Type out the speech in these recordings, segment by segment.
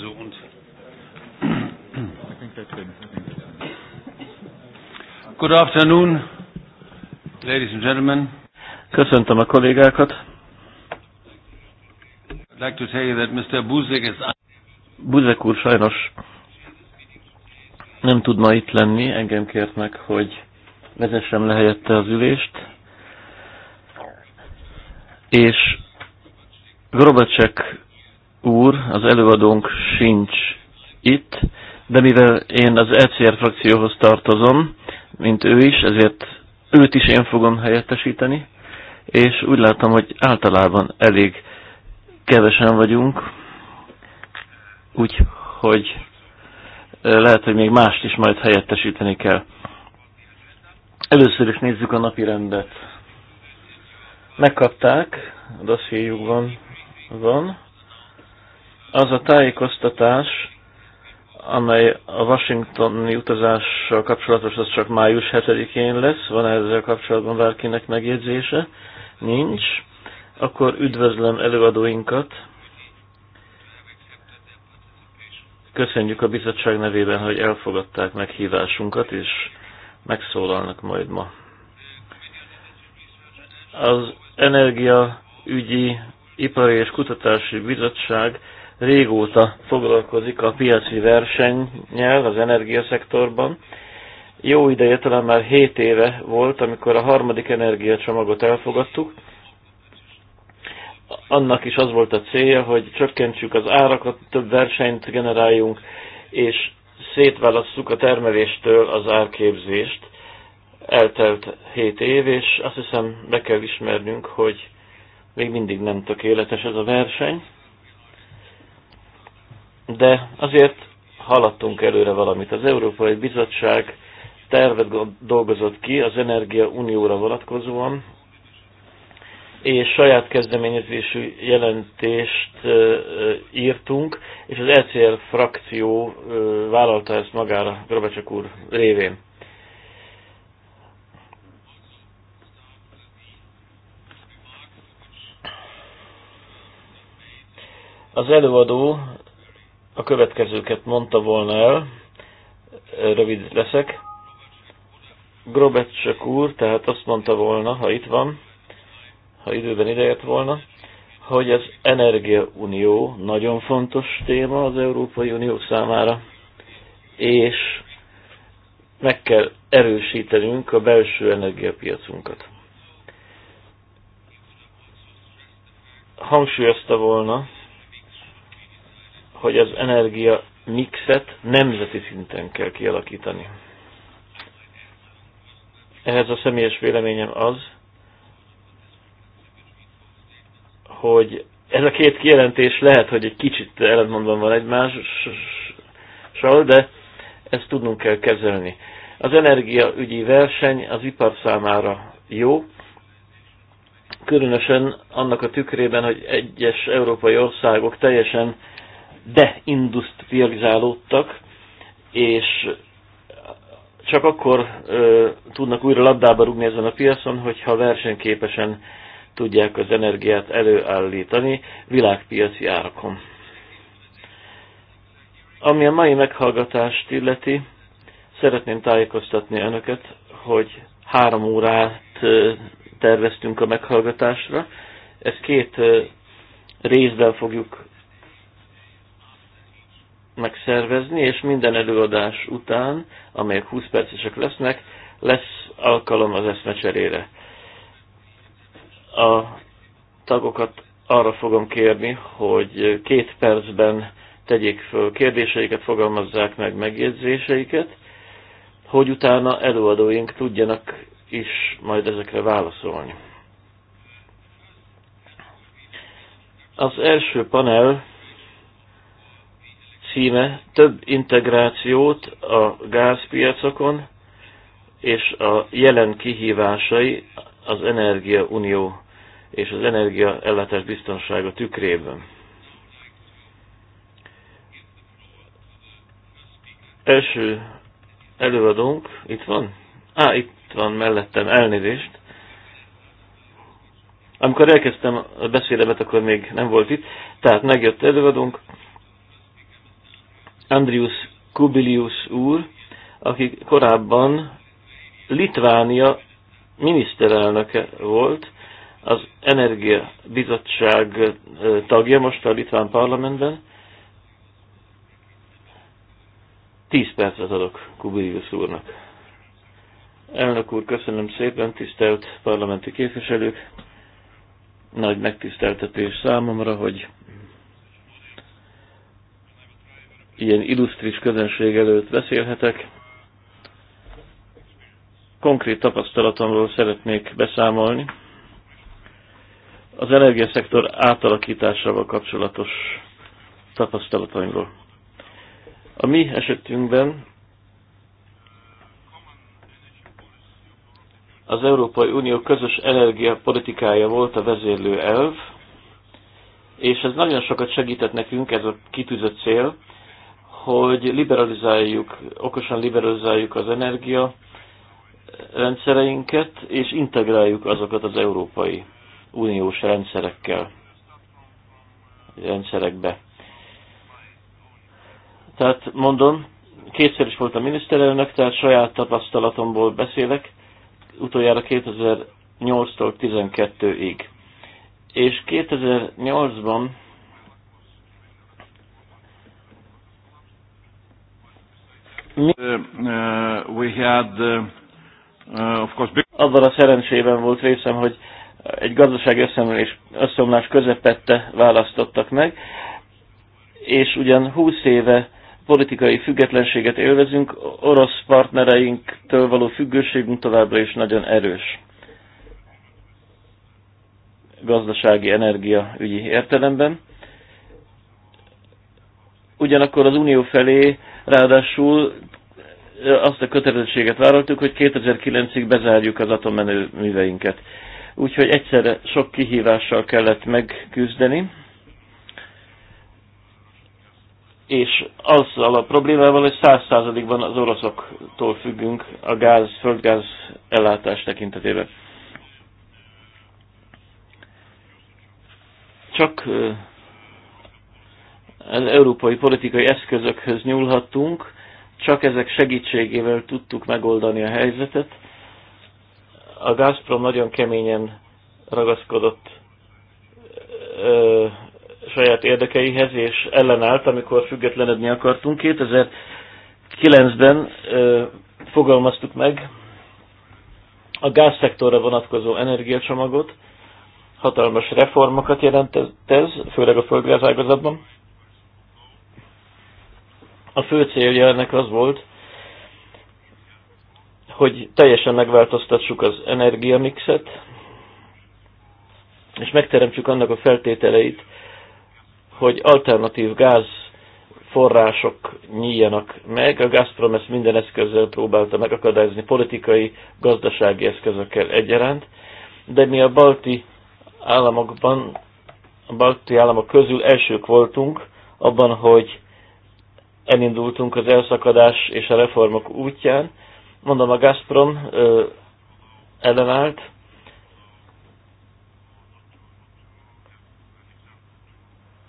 So und. Good afternoon, ladies and gentlemen. Köszöntöm a kollégákat. I'd like to tell you that Mr. Buzek is... Buzek úr sajnos nem tud ma itt lenni, engem kért meg, hogy vezessem le helyette az ülést, és Grobacsek úr, az előadónk sincs itt, de mivel én az ECR frakcióhoz tartozom, mint ő is, ezért őt is én fogom helyettesíteni, és úgy látom, hogy általában elég kevesen vagyunk, úgyhogy lehet, hogy még mást is majd helyettesíteni kell. Először is nézzük a napi rendet. Megkapták, a dossziéjukban van az a tájékoztatás, amely a washingtoni utazással kapcsolatos, az csak május 7-én lesz. Van -e ezzel kapcsolatban bárkinek megjegyzése? Nincs. Akkor üdvözlöm előadóinkat. Köszönjük a bizottság nevében, hogy elfogadták meghívásunkat, és megszólalnak majd ma. Az energiaügyi ipari és kutatási bizottság régóta foglalkozik a piaci versennyel az energiaszektorban. Jó ideje, talán már 7 éve volt, amikor a harmadik energiacsomagot elfogadtuk. Annak is az volt a célja, hogy csökkentsük az árakat, több versenyt generáljunk, és szétválasszuk a termeléstől az árképzést. Eltelt 7 év, és azt hiszem be kell ismernünk, hogy még mindig nem tökéletes ez a verseny de azért haladtunk előre valamit. Az Európai Bizottság tervet dolgozott ki az Energia Unióra vonatkozóan, és saját kezdeményezésű jelentést írtunk, és az ECR frakció vállalta ezt magára Grabecsek úr révén. Az előadó a következőket mondta volna el, rövid leszek. Grobetsök úr, tehát azt mondta volna, ha itt van, ha időben idejött volna, hogy az energiaunió nagyon fontos téma az Európai Unió számára, és meg kell erősítenünk a belső energiapiacunkat. Hangsúlyozta volna, hogy az energia mixet nemzeti szinten kell kialakítani. Ehhez a személyes véleményem az, hogy ez a két kijelentés lehet, hogy egy kicsit ellentmondva van egymással, de ezt tudnunk kell kezelni. Az energiaügyi verseny az ipar számára jó, különösen annak a tükrében, hogy egyes európai országok teljesen deindustrializálódtak, és csak akkor ö, tudnak újra labdába rúgni ezen a piacon, hogyha versenyképesen tudják az energiát előállítani világpiaci árakon. Ami a mai meghallgatást illeti, szeretném tájékoztatni önöket, hogy három órát terveztünk a meghallgatásra. Ezt két részben fogjuk megszervezni, és minden előadás után, amelyek 20 percesek lesznek, lesz alkalom az eszmecserére. A tagokat arra fogom kérni, hogy két percben tegyék föl kérdéseiket, fogalmazzák meg megjegyzéseiket, hogy utána előadóink tudjanak is majd ezekre válaszolni. Az első panel címe több integrációt a gázpiacokon és a jelen kihívásai az Energia Unió és az energia ellátás biztonsága tükrében. Első előadónk itt van? Á, itt van mellettem, elnézést. Amikor elkezdtem a beszélemet, akkor még nem volt itt, tehát megjött előadónk, Andrius Kubilius úr, aki korábban Litvánia miniszterelnöke volt, az Energia Bizottság tagja most a Litván parlamentben. Tíz percet adok Kubilius úrnak. Elnök úr, köszönöm szépen, tisztelt parlamenti képviselők! Nagy megtiszteltetés számomra, hogy ilyen illusztris közönség előtt beszélhetek. Konkrét tapasztalatomról szeretnék beszámolni. Az energiaszektor átalakításával kapcsolatos tapasztalataimról. A mi esetünkben az Európai Unió közös energiapolitikája volt a vezérlő elv, és ez nagyon sokat segített nekünk, ez a kitűzött cél, hogy liberalizáljuk, okosan liberalizáljuk az energia rendszereinket, és integráljuk azokat az Európai Uniós rendszerekkel, rendszerekbe. Tehát mondom, kétszer is voltam miniszterelnök, tehát saját tapasztalatomból beszélek, utoljára 2008-tól 12-ig. És 2008-ban Uh, uh, Azzal uh, a szerencsében volt részem, hogy egy gazdasági összeomlás, összeomlás közepette választottak meg, és ugyan húsz éve politikai függetlenséget élvezünk, orosz partnereinktől való függőségünk továbbra is nagyon erős gazdasági energia ügyi értelemben. Ugyanakkor az Unió felé Ráadásul azt a kötelezettséget vállaltuk, hogy 2009-ig bezárjuk az atomenerőműveinket. Úgyhogy egyszerre sok kihívással kellett megküzdeni, és azzal a problémával, hogy száz százalékban az oroszoktól függünk a gáz, földgáz ellátás tekintetében. Csak európai politikai eszközökhöz nyúlhattunk, csak ezek segítségével tudtuk megoldani a helyzetet. A Gazprom nagyon keményen ragaszkodott ö, saját érdekeihez, és ellenállt, amikor függetlenedni akartunk. 2009-ben ö, fogalmaztuk meg a gázszektorra vonatkozó energiacsomagot, hatalmas reformokat jelentett ez, főleg a földgázágazatban a fő célja ennek az volt, hogy teljesen megváltoztassuk az energiamixet, és megteremtsük annak a feltételeit, hogy alternatív gáz források nyíljanak meg. A Gazprom ezt minden eszközzel próbálta megakadályozni, politikai, gazdasági eszközökkel egyaránt, de mi a balti államokban, a balti államok közül elsők voltunk abban, hogy elindultunk az elszakadás és a reformok útján. Mondom, a Gazprom ö, ellenállt.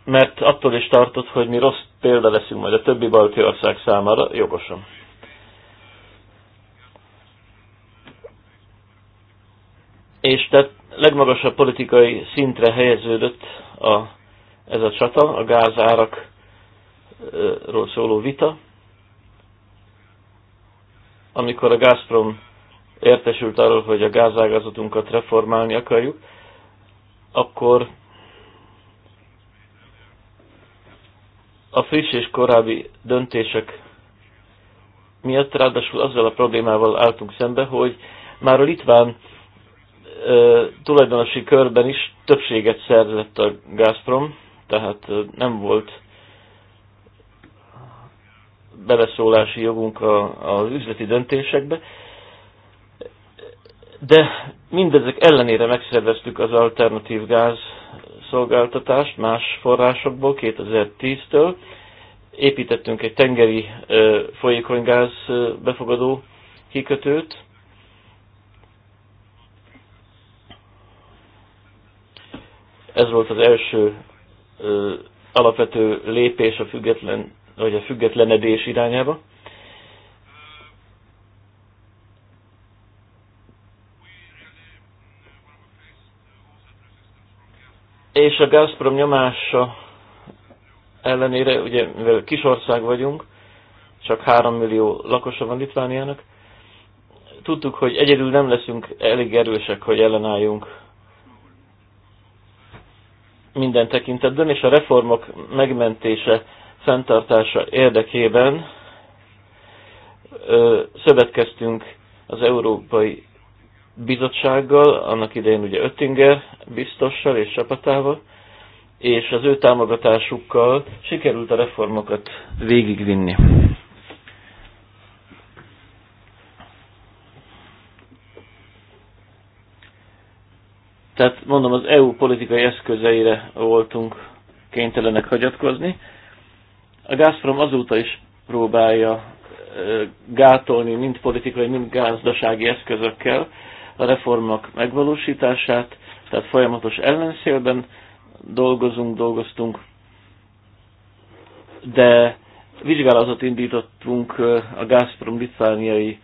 Mert attól is tartott, hogy mi rossz példa leszünk majd a többi balti ország számára, jogosan. És tehát legmagasabb politikai szintre helyeződött a, ez a csata, a gázárak ról szóló vita, amikor a Gazprom értesült arról, hogy a gázágazatunkat reformálni akarjuk, akkor a friss és korábbi döntések miatt ráadásul azzal a problémával álltunk szembe, hogy már a litván ö, tulajdonosi körben is többséget szerzett a Gazprom, tehát ö, nem volt beleszólási jogunk az üzleti döntésekbe, de mindezek ellenére megszerveztük az alternatív gáz szolgáltatást más forrásokból 2010-től. Építettünk egy tengeri folyékony gáz befogadó kikötőt, ez volt az első ö, alapvető lépés a független vagy a függetlenedés irányába. És a Gazprom nyomása ellenére, ugye mivel kis ország vagyunk, csak 3 millió lakosa van Litvániának, tudtuk, hogy egyedül nem leszünk elég erősek, hogy ellenálljunk minden tekintetben, és a reformok megmentése fenntartása érdekében szövetkeztünk az Európai Bizottsággal, annak idején ugye Öttinger biztossal és csapatával, és az ő támogatásukkal sikerült a reformokat végigvinni. Tehát mondom, az EU politikai eszközeire voltunk kénytelenek hagyatkozni, a Gazprom azóta is próbálja gátolni mind politikai, mind gazdasági eszközökkel a reformok megvalósítását, tehát folyamatos ellenszélben dolgozunk, dolgoztunk, de vizsgálatot indítottunk a Gazprom litvániai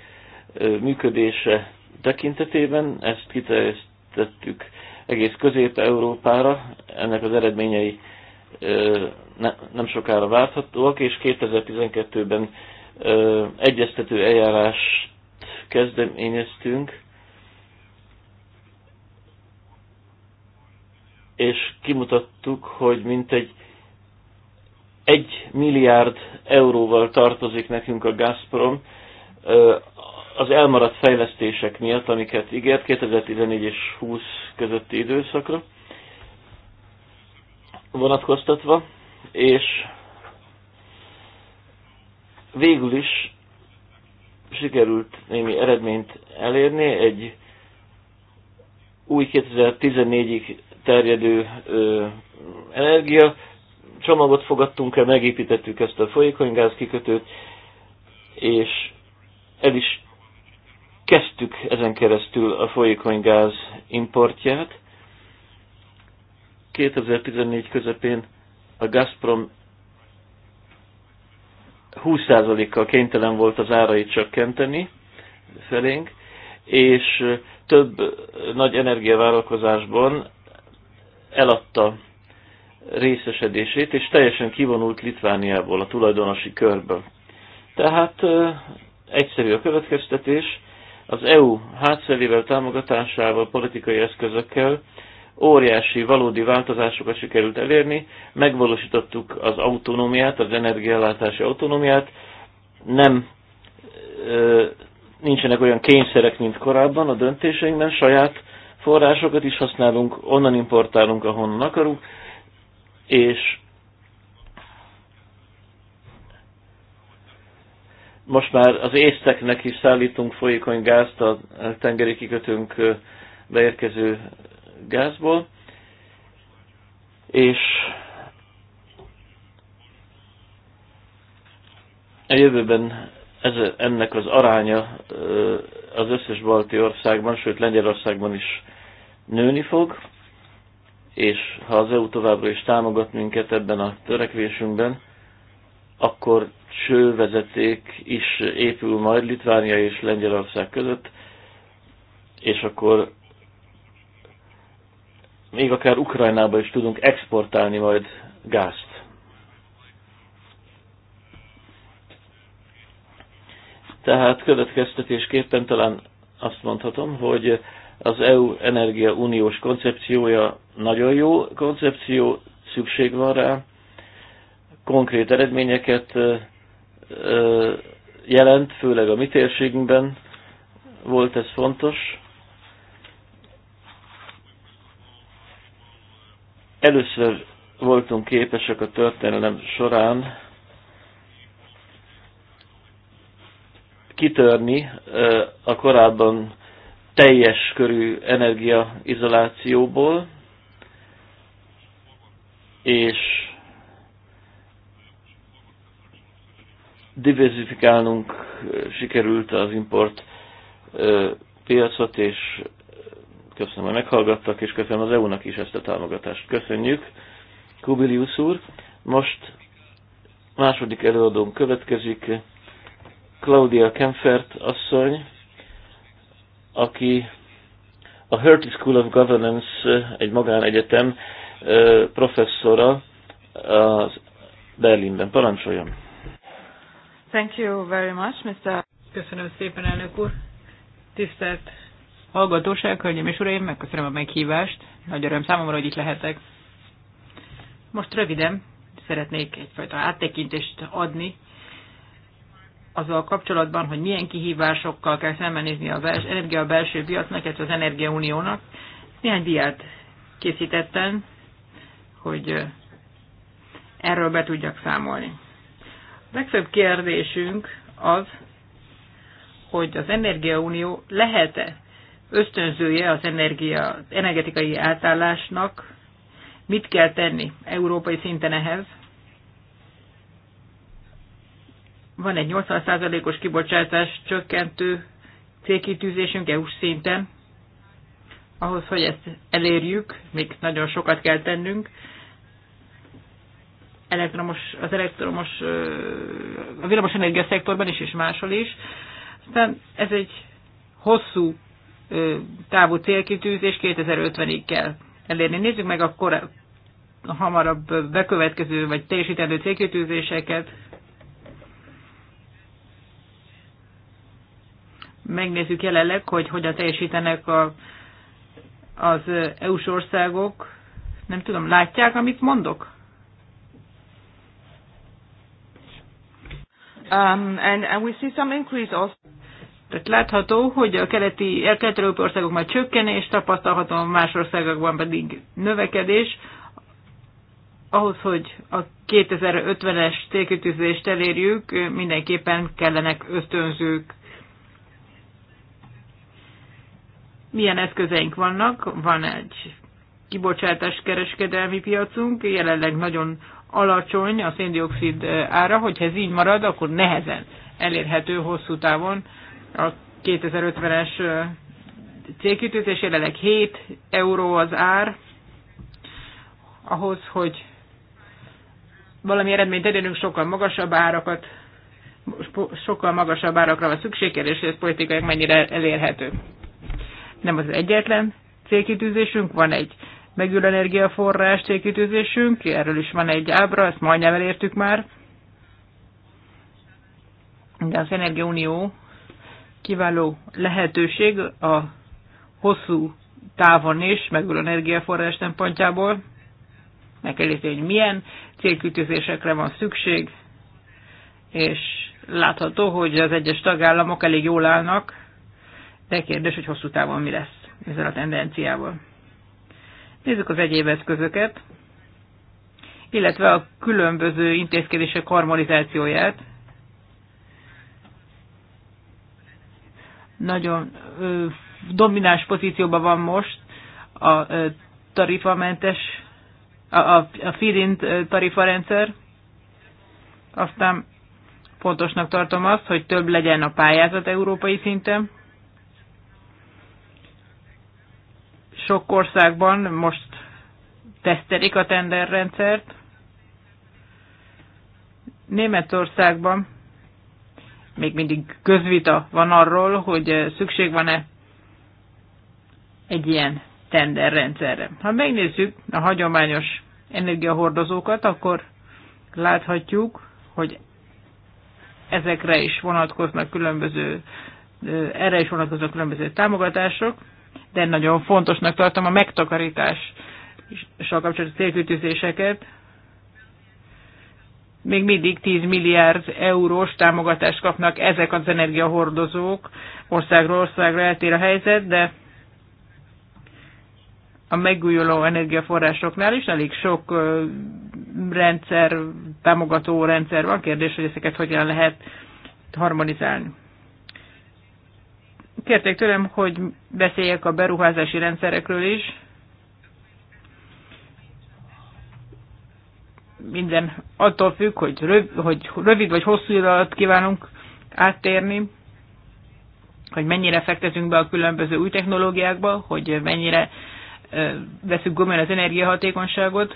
működése tekintetében, ezt kiterjesztettük egész Közép-Európára, ennek az eredményei ne, nem sokára várhatóak, és 2012-ben egyeztető eljárást kezdeményeztünk, és kimutattuk, hogy mintegy egy milliárd euróval tartozik nekünk a Gazprom az elmaradt fejlesztések miatt, amiket ígért 2014 és 20 közötti időszakra vonatkoztatva, és végül is sikerült némi eredményt elérni, egy új 2014-ig terjedő ö, energia csomagot fogadtunk el, megépítettük ezt a folyékonygáz kikötőt, és el is kezdtük ezen keresztül a folyékonygáz importját, 2014 közepén a Gazprom 20%-kal kénytelen volt az árait csökkenteni felénk, és több nagy energiavállalkozásban eladta részesedését, és teljesen kivonult Litvániából, a tulajdonosi körből. Tehát egyszerű a következtetés, az EU hátszerével, támogatásával, politikai eszközökkel óriási valódi változásokat sikerült elérni, megvalósítottuk az autonómiát, az energiállátási autonómiát, nem nincsenek olyan kényszerek, mint korábban a döntéseinkben, saját forrásokat is használunk, onnan importálunk, ahonnan akarunk, és most már az észteknek is szállítunk folyékony gázt a tengeri kikötőnk beérkező gázból, és a jövőben ez, ennek az aránya az összes balti országban, sőt Lengyelországban is nőni fog, és ha az EU továbbra is támogat minket ebben a törekvésünkben, akkor csővezeték is épül majd Litvánia és Lengyelország között, és akkor még akár Ukrajnába is tudunk exportálni majd gázt. Tehát következtetésképpen talán azt mondhatom, hogy az EU Energia Uniós koncepciója nagyon jó koncepció, szükség van rá, konkrét eredményeket jelent, főleg a mi térségünkben volt ez fontos. először voltunk képesek a történelem során kitörni a korábban teljes körű energiaizolációból, és diversifikálnunk sikerült az import piacot, és Köszönöm, hogy meghallgattak, és köszönöm az EU-nak is ezt a támogatást. Köszönjük, Kubilius úr. Most második előadónk következik Claudia Kempfert asszony, aki a Hertie School of Governance, egy magánegyetem professzora az Berlinben. Parancsoljon! Thank you very much, Mr. Köszönöm szépen, elnök úr! Tisztelt hallgatóság, hölgyeim és uraim, megköszönöm a meghívást. Nagy öröm számomra, hogy itt lehetek. Most röviden szeretnék egyfajta áttekintést adni azzal kapcsolatban, hogy milyen kihívásokkal kell szembenézni az energia belső piacnak, illetve az energiauniónak. Néhány diát készítettem, hogy erről be tudjak számolni. A legfőbb kérdésünk az, hogy az energiaunió lehet-e ösztönzője az energia, energetikai átállásnak. Mit kell tenni európai szinten ehhez? Van egy 80%-os kibocsátás csökkentő célkitűzésünk EU-s szinten. Ahhoz, hogy ezt elérjük, még nagyon sokat kell tennünk. Elektromos, az elektromos, a villamos szektorban is és máshol is. Aztán ez egy hosszú távú célkitűzés 2050-ig kell elérni. Nézzük meg a a hamarabb bekövetkező vagy teljesítendő célkitűzéseket. Megnézzük jelenleg, hogy hogyan teljesítenek a, az EU-s országok. Nem tudom, látják, amit mondok? Um, and, and we see some increase also. Tehát látható, hogy a keleti, a keleti országok már csökkenés, tapasztalható más országokban pedig növekedés. Ahhoz, hogy a 2050-es célkütőzést elérjük, mindenképpen kellenek ösztönzők. Milyen eszközeink vannak? Van egy kibocsátás kereskedelmi piacunk, jelenleg nagyon alacsony a széndiokszid ára, hogyha ez így marad, akkor nehezen elérhető hosszú távon a 2050-es célkütőzés, jelenleg 7 euró az ár, ahhoz, hogy valami eredményt elérünk, sokkal magasabb árakat, sokkal magasabb árakra van szükség, és ez politikailag mennyire elérhető. Nem az egyetlen célkitűzésünk, van egy megülő energiaforrás célkitűzésünk, erről is van egy ábra, ezt majdnem elértük már. De az Energiaunió kiváló lehetőség a hosszú távon is, megújuló energiaforrás szempontjából. Meg kell érteni, hogy milyen célkütőzésekre van szükség, és látható, hogy az egyes tagállamok elég jól állnak, de kérdés, hogy hosszú távon mi lesz ezzel a tendenciával. Nézzük az egyéb eszközöket, illetve a különböző intézkedések harmonizációját. nagyon ö, domináns pozícióban van most a ö, tarifamentes, a, a, a feed-in tarifarendszer. Aztán fontosnak tartom azt, hogy több legyen a pályázat európai szinten. Sok országban most tesztelik a tenderrendszert. Németországban még mindig közvita van arról, hogy eh, szükség van-e egy ilyen tenderrendszerre. Ha megnézzük a hagyományos energiahordozókat, akkor láthatjuk, hogy ezekre is vonatkoznak különböző, eh, erre is vonatkoznak különböző támogatások, de nagyon fontosnak tartom a megtakarítás és a kapcsolatos célkütőzéseket még mindig 10 milliárd eurós támogatást kapnak ezek az energiahordozók. Országról országra eltér a helyzet, de a megújuló energiaforrásoknál is elég sok rendszer, támogató rendszer van. Kérdés, hogy ezeket hogyan lehet harmonizálni. Kérték tőlem, hogy beszéljek a beruházási rendszerekről is. minden attól függ, hogy, röv, hogy rövid vagy hosszú idő alatt kívánunk áttérni, hogy mennyire fektetünk be a különböző új technológiákba, hogy mennyire veszük gomolyan az energiahatékonyságot,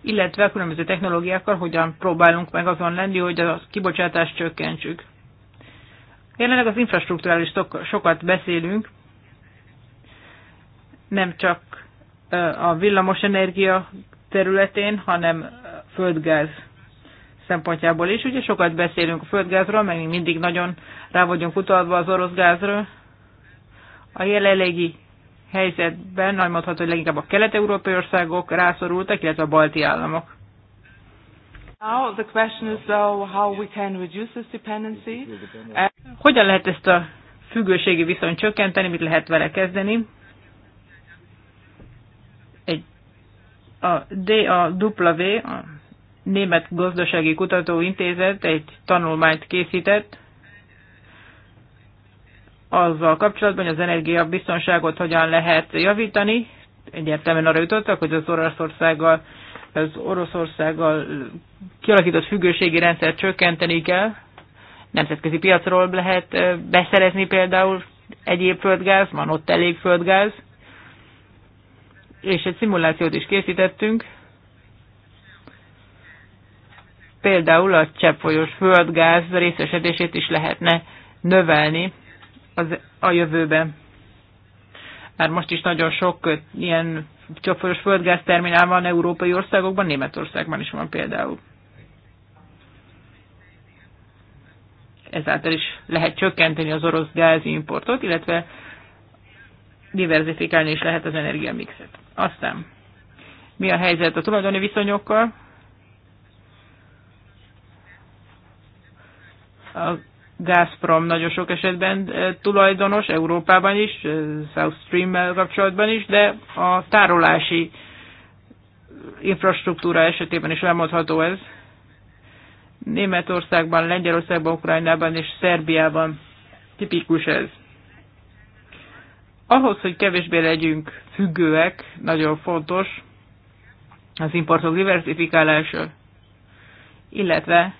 illetve a különböző technológiákkal hogyan próbálunk meg azon lenni, hogy a kibocsátást csökkentsük. Jelenleg az infrastruktúrális sokat beszélünk, nem csak a villamos energia területén, hanem földgáz szempontjából is. Ugye sokat beszélünk a földgázról, meg mindig nagyon rá vagyunk utalva az orosz gázról. A jelenlegi helyzetben, nagy mondható, hogy leginkább a kelet-európai országok rászorultak, illetve a balti államok. Now the question is though how we can reduce this dependency. Hogyan lehet ezt a függőségi viszonyt csökkenteni, mit lehet vele kezdeni? Egy a DAW, a Német Gazdasági Kutatóintézet egy tanulmányt készített, azzal kapcsolatban, hogy az energiabiztonságot hogyan lehet javítani. Egyértelműen arra jutottak, hogy az Oroszországgal, az Oroszországgal kialakított függőségi rendszer csökkenteni kell. Nemzetközi piacról lehet beszerezni például egyéb földgáz, van ott elég földgáz és egy szimulációt is készítettünk, például a cseppfolyós földgáz részesedését is lehetne növelni az, a jövőben. Már most is nagyon sok ilyen cseppfolyós földgáz terminál van európai országokban, Németországban is van például. Ezáltal is lehet csökkenteni az orosz gázi importot, illetve diversifikálni is lehet az energiamixet. Aztán mi a helyzet a tulajdoni viszonyokkal? A Gazprom nagyon sok esetben eh, tulajdonos, Európában is, eh, South Stream-mel kapcsolatban is, de a tárolási eh, infrastruktúra esetében is elmondható ez. Németországban, Lengyelországban, Ukrajnában és Szerbiában tipikus ez. Ahhoz, hogy kevésbé legyünk függőek, nagyon fontos az importok diversifikálása, illetve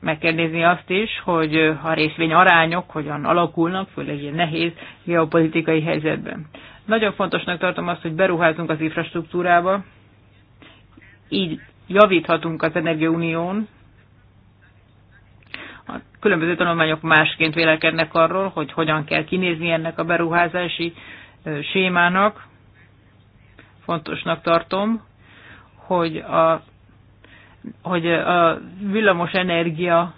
meg kell nézni azt is, hogy a részvény arányok hogyan alakulnak, főleg ilyen nehéz geopolitikai helyzetben. Nagyon fontosnak tartom azt, hogy beruházunk az infrastruktúrába, így javíthatunk az energiaunión, különböző tanulmányok másként vélekednek arról, hogy hogyan kell kinézni ennek a beruházási sémának. Fontosnak tartom, hogy a, hogy a villamos energia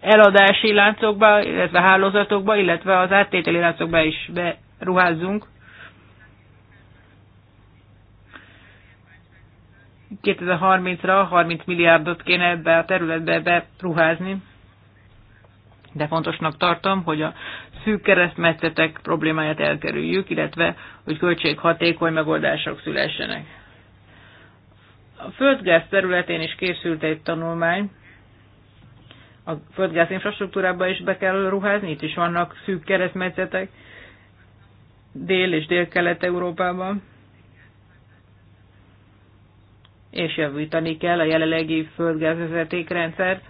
eladási láncokba, illetve hálózatokba, illetve az áttételi láncokba is beruházzunk. 2030-ra 30 milliárdot kéne ebbe a területbe beruházni, de fontosnak tartom, hogy a szűk keresztmetszetek problémáját elkerüljük, illetve hogy költséghatékony megoldások szülessenek. A földgáz területén is készült egy tanulmány, a földgáz infrastruktúrába is be kell ruházni, itt is vannak szűk keresztmetszetek Dél- és Dél-Kelet-Európában és javítani kell a jelenlegi földgázvezetékrendszert,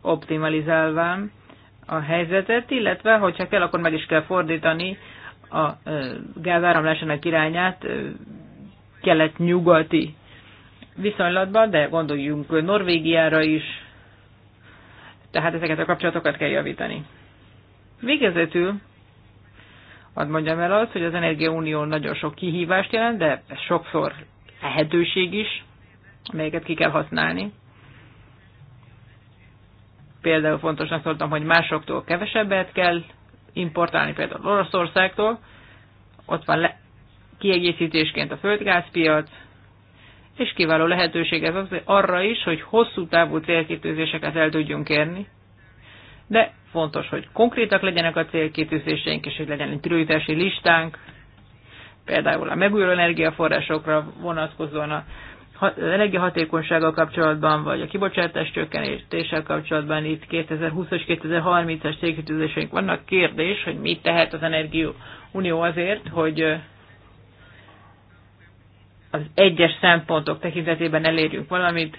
optimalizálván a helyzetet, illetve, hogyha kell, akkor meg is kell fordítani a gázáramlásának irányát kelet-nyugati viszonylatban, de gondoljunk Norvégiára is, tehát ezeket a kapcsolatokat kell javítani. Végezetül Hadd mondjam el azt, hogy az Energiaunió nagyon sok kihívást jelent, de ez sokszor lehetőség is, amelyeket ki kell használni. Például fontosnak tartom, hogy másoktól kevesebbet kell importálni, például Oroszországtól. Ott van le- kiegészítésként a földgázpiac, és kiváló lehetőség ez az arra is, hogy hosszú távú célkitűzéseket el tudjunk érni. De fontos, hogy konkrétak legyenek a célkitűzéseink, és hogy legyen egy prioritási listánk, például a megújuló energiaforrásokra vonatkozóan a energiahatékonysággal kapcsolatban, vagy a kibocsátás csökkentéssel kapcsolatban itt 2020 2030-as cégkütőzéseink vannak. Kérdés, hogy mit tehet az Energia Unió azért, hogy az egyes szempontok tekintetében elérjünk valamit,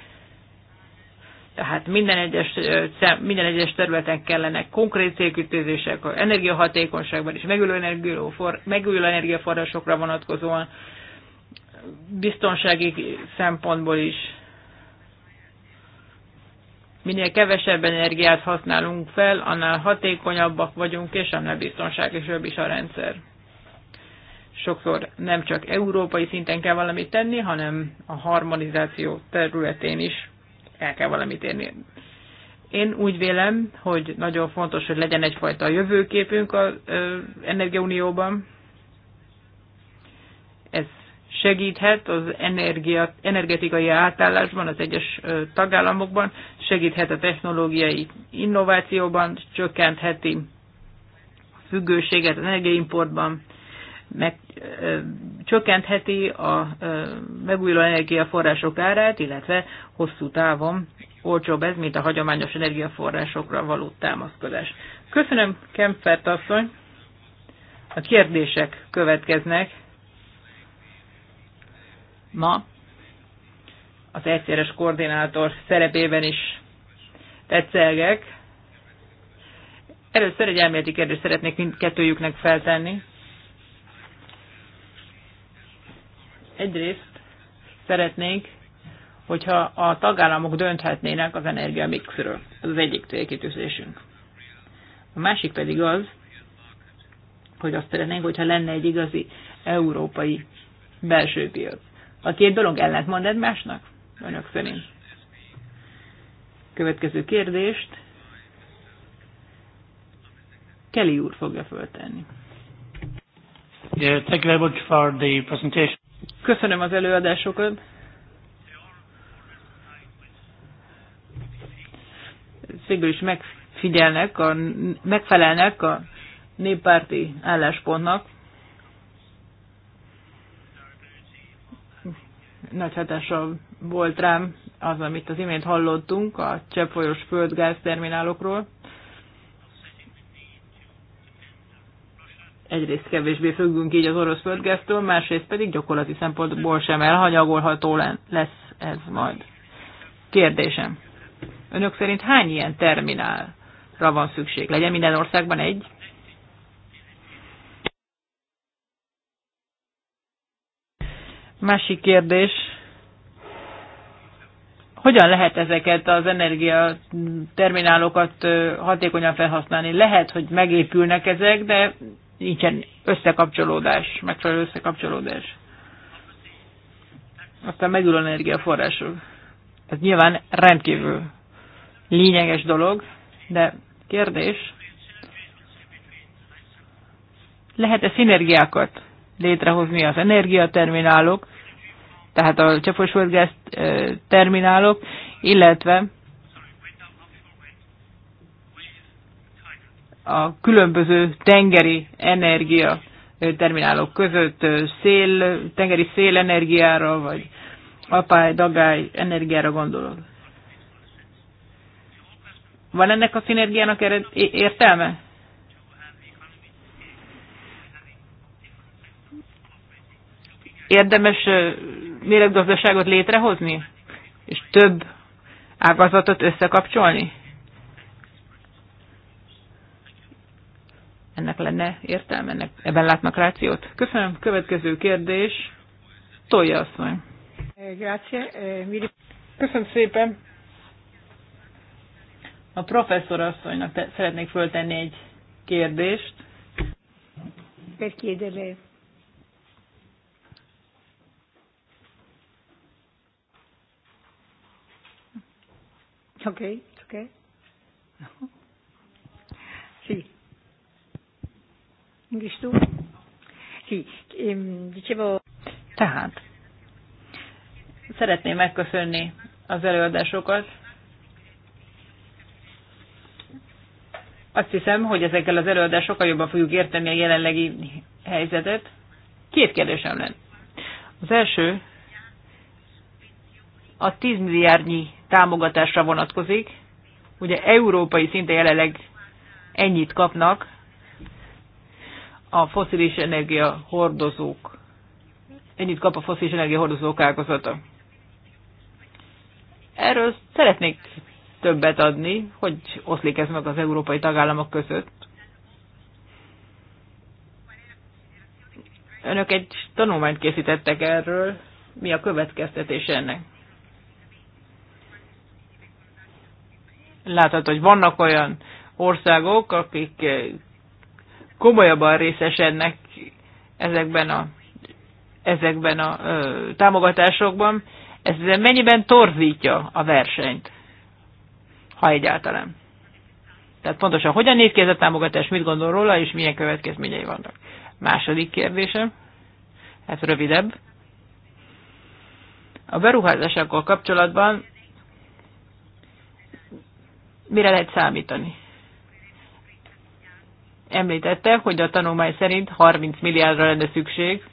tehát minden egyes, minden egyes területen kellene konkrét célkütőzések, energiahatékonyságban és megújuló, megújuló energiaforrásokra vonatkozóan, biztonsági szempontból is. Minél kevesebb energiát használunk fel, annál hatékonyabbak vagyunk, és annál biztonságosabb is a rendszer. Sokszor nem csak európai szinten kell valamit tenni, hanem a harmonizáció területén is el kell valamit érni. Én úgy vélem, hogy nagyon fontos, hogy legyen egyfajta jövőképünk az Energiaunióban. Ez segíthet az energia, energetikai átállásban az egyes tagállamokban, segíthet a technológiai innovációban, csökkentheti a függőséget az energiaimportban, meg, ö, csökkentheti a ö, megújuló energiaforrások árát, illetve hosszú távon olcsóbb ez, mint a hagyományos energiaforrásokra való támaszkodás. Köszönöm, Kempfert asszony! A kérdések következnek. Ma az egyszeres koordinátor szerepében is tetszelgek. Először egy elméleti kérdést szeretnék mindkettőjüknek feltenni. Egyrészt szeretnénk, hogyha a tagállamok dönthetnének az energiamixről. Ez az egyik célkitűzésünk. A másik pedig az, hogy azt szeretnénk, hogyha lenne egy igazi európai belső piac. A két dolog mond egymásnak? Önök szerint. Következő kérdést Kelly úr fogja föltenni. Yeah, thank you very much for the presentation. Köszönöm az előadásokat. Végül is megfigyelnek, a, megfelelnek a néppárti álláspontnak. Nagy hatása volt rám az, amit az imént hallottunk a cseppfolyós terminálokról. egyrészt kevésbé függünk így az orosz földgáztól, másrészt pedig gyakorlati szempontból sem elhanyagolható lesz ez majd. Kérdésem. Önök szerint hány ilyen terminálra van szükség? Legyen minden országban egy? Másik kérdés. Hogyan lehet ezeket az energiaterminálokat hatékonyan felhasználni? Lehet, hogy megépülnek ezek, de nincsen összekapcsolódás, megfelelő összekapcsolódás. Aztán a energiaforrások. Ez nyilván rendkívül lényeges dolog, de kérdés, lehet-e szinergiákat létrehozni az energiaterminálok, tehát a cseppfolyósgáz eh, terminálok, illetve a különböző tengeri energia terminálok között szél, tengeri szélenergiára, vagy apály, dagály energiára gondolod? Van ennek a szinergiának értelme? Érdemes méretgazdaságot létrehozni? És több ágazatot összekapcsolni? ennek lenne értelme, ennek, ebben látnak rációt. Köszönöm. Következő kérdés. Tolja azt Grazie. Köszönöm szépen. A professzor asszonynak szeretnék föltenni egy kérdést. Per chiedere Okay, okay. Tehát, szeretném megköszönni az előadásokat. Azt hiszem, hogy ezekkel az előadásokkal jobban fogjuk érteni a jelenlegi helyzetet. Két kérdésem lenne. Az első a 10 milliárdnyi támogatásra vonatkozik. Ugye európai szinte jelenleg ennyit kapnak a foszilis energia hordozók, ennyit kap a foszilis energia hordozók ágazata. Erről szeretnék többet adni, hogy oszlik ez meg az európai tagállamok között. Önök egy tanulmányt készítettek erről, mi a következtetés ennek. Láthatod, hogy vannak olyan országok, akik komolyabban részesednek ezekben a, ezekben a ö, támogatásokban, ez mennyiben torzítja a versenyt, ha egyáltalán. Tehát pontosan hogyan néz ki ez a támogatás, mit gondol róla, és milyen következményei vannak. Második kérdésem, ez hát rövidebb. A beruházásokkal kapcsolatban mire lehet számítani? Említette, hogy a tanulmány szerint 30 milliárdra lenne szükség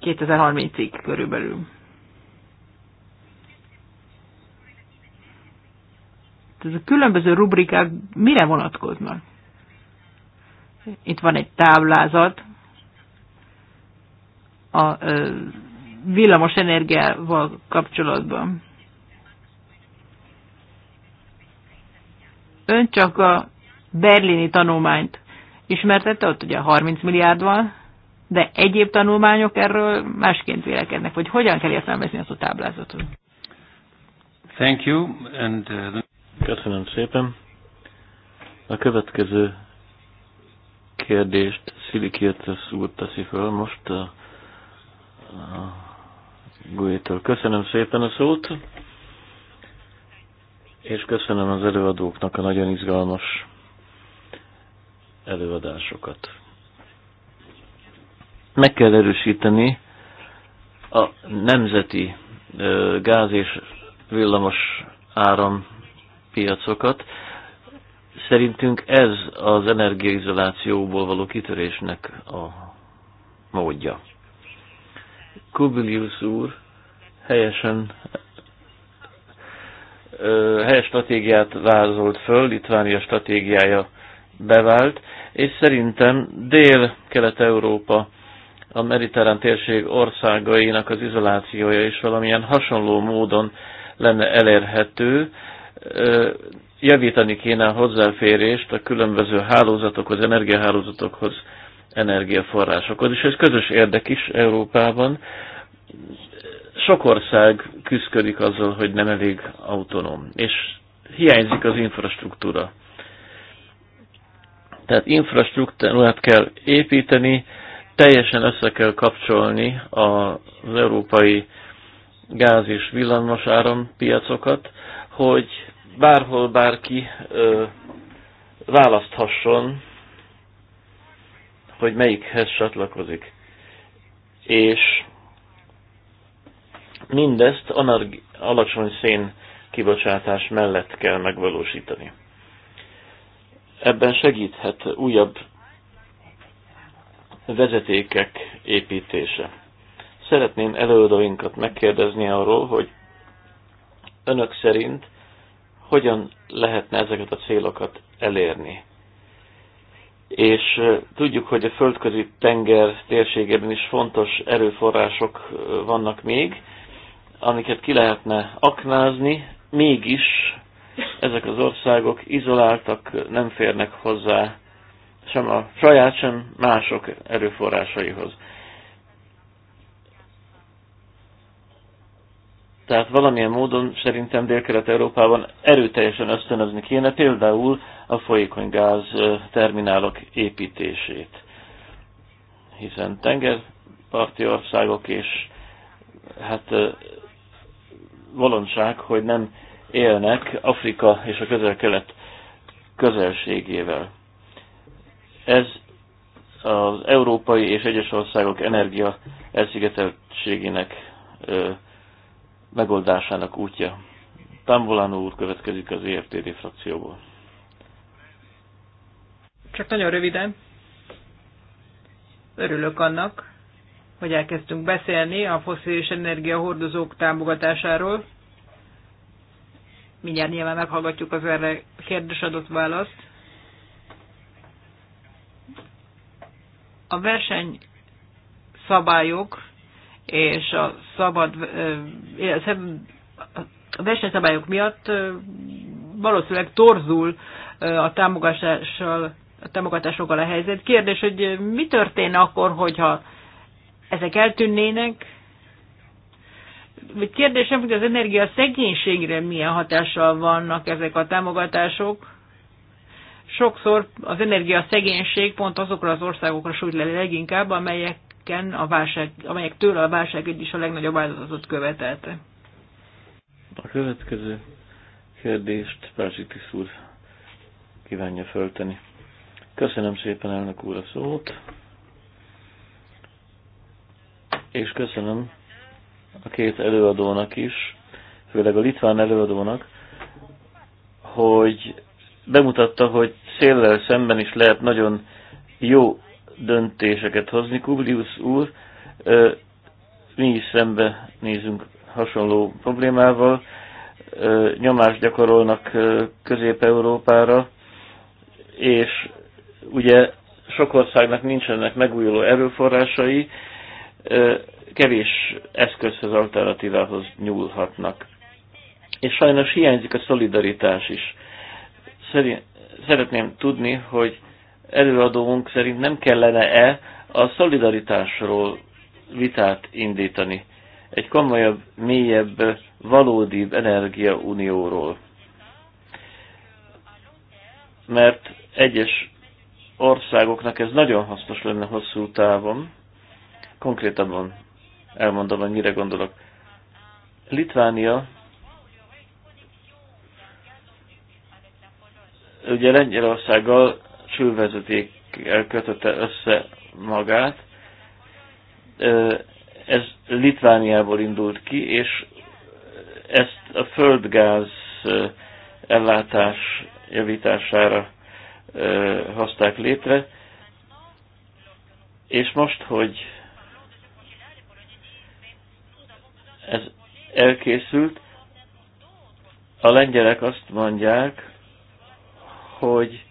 2030-ig körülbelül. ez a különböző rubrikák mire vonatkoznak? Itt van egy táblázat a villamos energiával kapcsolatban. Ön csak a berlini tanulmányt ismertette, ott ugye 30 milliárd van, de egyéb tanulmányok erről másként vélekednek, hogy hogyan kell értelmezni azt a táblázatot. Thank you, and, uh, Köszönöm szépen. A következő kérdést Kirtesz úr teszi föl most a, a Guétől. Köszönöm szépen a szót, és köszönöm az előadóknak a nagyon izgalmas előadásokat. Meg kell erősíteni a nemzeti gáz és villamos árampiacokat. Szerintünk ez az energiaizolációból való kitörésnek a módja. Kubilius úr helyesen helyes stratégiát vázolt föl, Litvánia stratégiája bevált, és szerintem Dél-Kelet-Európa a mediterrán térség országainak az izolációja is valamilyen hasonló módon lenne elérhető. Javítani kéne a hozzáférést a különböző hálózatokhoz, energiahálózatokhoz, energiaforrásokhoz, és ez közös érdek is Európában. Sok ország küzdködik azzal, hogy nem elég autonóm, és hiányzik az infrastruktúra. Tehát infrastruktúrát kell építeni, teljesen össze kell kapcsolni az európai gáz és villamos árampiacokat, hogy bárhol bárki ö, választhasson, hogy melyikhez csatlakozik. És mindezt alacsony szén kibocsátás mellett kell megvalósítani ebben segíthet újabb vezetékek építése. Szeretném előadóinkat megkérdezni arról, hogy önök szerint hogyan lehetne ezeket a célokat elérni. És tudjuk, hogy a földközi tenger térségében is fontos erőforrások vannak még, amiket ki lehetne aknázni, mégis ezek az országok izoláltak, nem férnek hozzá sem a saját, sem mások erőforrásaihoz. Tehát valamilyen módon szerintem Dél-Kelet-Európában erőteljesen ösztönözni kéne például a folyékony gáz terminálok építését. Hiszen tengerparti országok és hát valonság, hogy nem élnek Afrika és a közel-kelet közelségével. Ez az európai és egyes országok energia elszigeteltségének ö, megoldásának útja. Tambolán úr következik az EFTD frakcióból. Csak nagyon röviden. Örülök annak, hogy elkezdtünk beszélni a foszilis energiahordozók támogatásáról. Mindjárt nyilván meghallgatjuk az erre kérdés adott választ. A verseny szabályok és a szabad a versenyszabályok miatt valószínűleg torzul a támogatással, a támogatásokkal a helyzet. Kérdés, hogy mi történne akkor, hogyha ezek eltűnnének, kérdésem, hogy az energia szegénységre milyen hatással vannak ezek a támogatások. Sokszor az energia szegénység pont azokra az országokra súlyt le leginkább, amelyeken a válság, amelyektől a válság is a legnagyobb áldozatot követelte. A következő kérdést Pázsitis úr kívánja fölteni. Köszönöm szépen elnök úr a szót, és köszönöm a két előadónak is, főleg a litván előadónak, hogy bemutatta, hogy széllel szemben is lehet nagyon jó döntéseket hozni. Kublius úr, mi is szembe nézünk hasonló problémával, nyomást gyakorolnak Közép-Európára, és ugye sok országnak nincsenek megújuló erőforrásai, kevés eszközhöz, alternatívához nyúlhatnak. És sajnos hiányzik a szolidaritás is. szeretném tudni, hogy előadónk szerint nem kellene-e a szolidaritásról vitát indítani. Egy komolyabb, mélyebb, valódibb energiaunióról. Mert egyes országoknak ez nagyon hasznos lenne hosszú távon, konkrétabban elmondom, hogy mire gondolok. Litvánia ugye Lengyelországgal csővezeték kötötte össze magát. Ez Litvániából indult ki, és ezt a földgáz ellátás javítására hozták létre. És most, hogy ez elkészült. A lengyelek azt mondják, hogy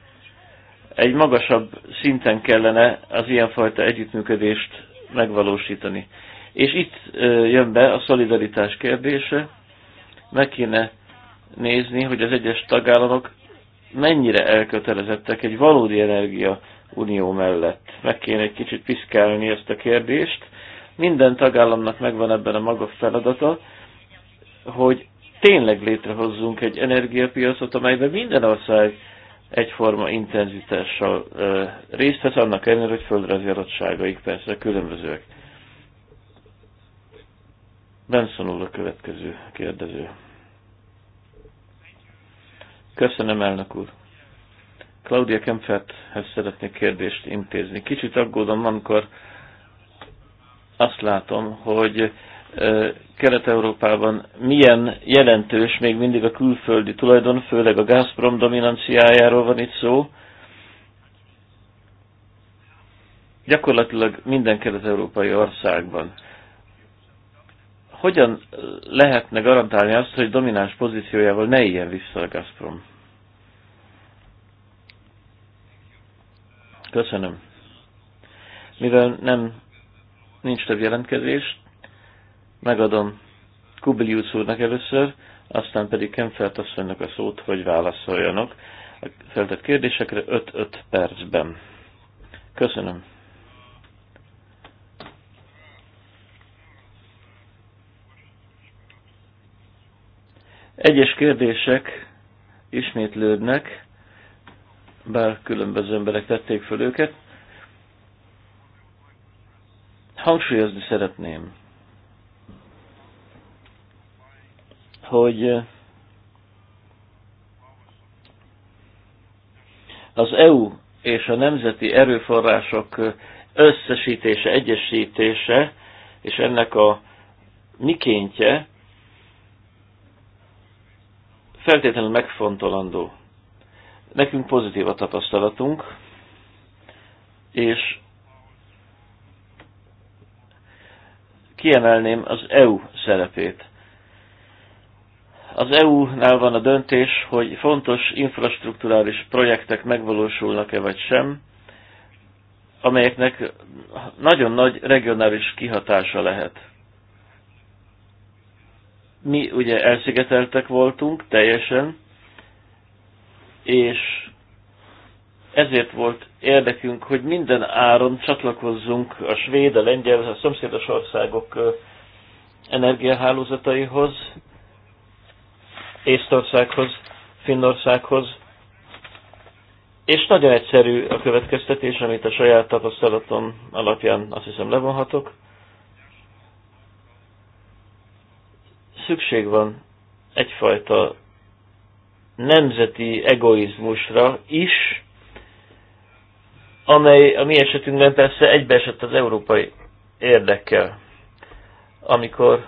egy magasabb szinten kellene az ilyenfajta együttműködést megvalósítani. És itt jön be a szolidaritás kérdése, meg kéne nézni, hogy az egyes tagállamok mennyire elkötelezettek egy valódi energia unió mellett. Meg kéne egy kicsit piszkálni ezt a kérdést, minden tagállamnak megvan ebben a maga feladata, hogy tényleg létrehozzunk egy energiapiacot, amelyben minden ország egyforma intenzitással részt vesz, annak ellenére, hogy földrajzi adottságaik persze különbözőek. Benson úr a következő kérdező. Köszönöm, elnök úr. Claudia Kempferthez szeretnék kérdést intézni. Kicsit aggódom, amikor azt látom, hogy Kelet-Európában milyen jelentős még mindig a külföldi tulajdon, főleg a Gazprom dominanciájáról van itt szó. Gyakorlatilag minden kelet-európai országban. Hogyan lehetne garantálni azt, hogy domináns pozíciójával ne ilyen vissza a Gazprom? Köszönöm. Mivel nem nincs több jelentkezés. Megadom Kubilius úrnak először, aztán pedig Kempfert asszonynak a szót, hogy válaszoljanak a feltett kérdésekre 5-5 percben. Köszönöm. Egyes kérdések ismétlődnek, bár különböző emberek tették föl őket. Hangsúlyozni szeretném, hogy eh, az EU és a nemzeti erőforrások eh, összesítése, egyesítése, és ennek a mikéntje feltétlenül megfontolandó. Nekünk pozitív a tapasztalatunk, és kiemelném az EU szerepét. Az EU-nál van a döntés, hogy fontos infrastruktúrális projektek megvalósulnak-e vagy sem, amelyeknek nagyon nagy regionális kihatása lehet. Mi ugye elszigeteltek voltunk teljesen, és ezért volt érdekünk, hogy minden áron csatlakozzunk a svéd, a lengyel, a szomszédos országok energiahálózataihoz, Észtországhoz, Finnországhoz, és nagyon egyszerű a következtetés, amit a saját tapasztalatom alapján azt hiszem levonhatok. Szükség van egyfajta nemzeti egoizmusra is, amely a mi esetünkben persze egybeesett az európai érdekkel. Amikor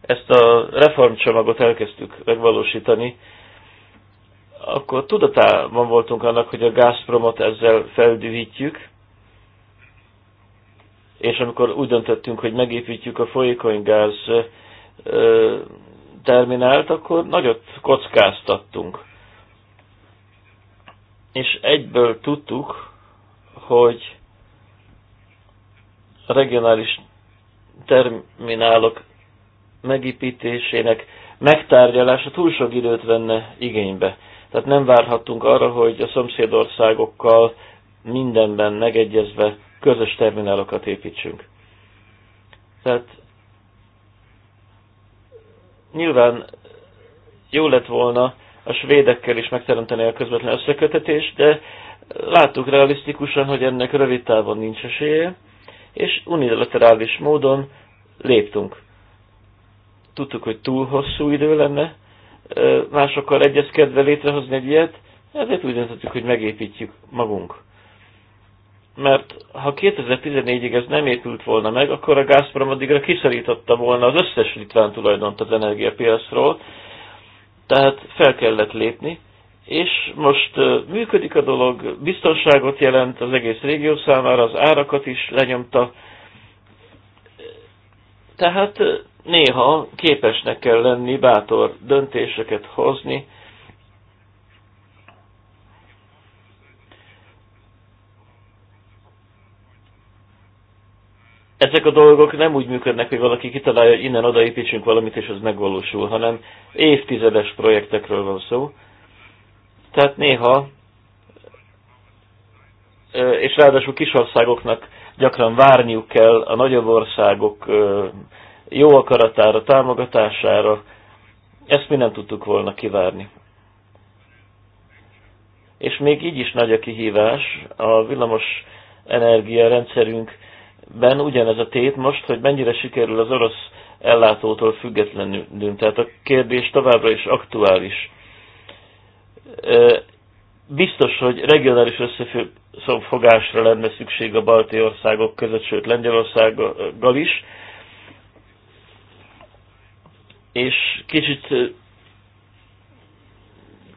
ezt a reformcsomagot elkezdtük megvalósítani, akkor tudatában voltunk annak, hogy a Gazpromot ezzel feldühítjük, és amikor úgy döntöttünk, hogy megépítjük a folyékony gáz terminált, akkor nagyot kockáztattunk. És egyből tudtuk, hogy a regionális terminálok megépítésének megtárgyalása túl sok időt venne igénybe. Tehát nem várhattunk arra, hogy a szomszédországokkal mindenben megegyezve közös terminálokat építsünk. Tehát nyilván jó lett volna a svédekkel is megteremteni a közvetlen összekötetést, de Láttuk realisztikusan, hogy ennek rövid távon nincs esélye, és unilaterális módon léptünk. Tudtuk, hogy túl hosszú idő lenne másokkal egyezkedve létrehozni egy ilyet, ezért úgy döntöttük, hogy megépítjük magunk. Mert ha 2014-ig ez nem épült volna meg, akkor a Gazprom addigra kiszorította volna az összes litván tulajdont az energiapiacról, tehát fel kellett lépni, és most működik a dolog, biztonságot jelent az egész régió számára, az árakat is lenyomta. Tehát néha képesnek kell lenni bátor döntéseket hozni, ezek a dolgok nem úgy működnek, hogy valaki kitalálja, hogy innen odaépítsünk valamit, és az megvalósul, hanem évtizedes projektekről van szó. Tehát néha, és ráadásul kisországoknak gyakran várniuk kell a nagyobb országok jó akaratára, támogatására, ezt mi nem tudtuk volna kivárni. És még így is nagy a kihívás a villamos energia rendszerünkben ugyanez a tét most, hogy mennyire sikerül az orosz ellátótól függetlenül. Tehát a kérdés továbbra is aktuális biztos, hogy regionális összefogásra lenne szükség a balti országok között, sőt Lengyelországgal is. És kicsit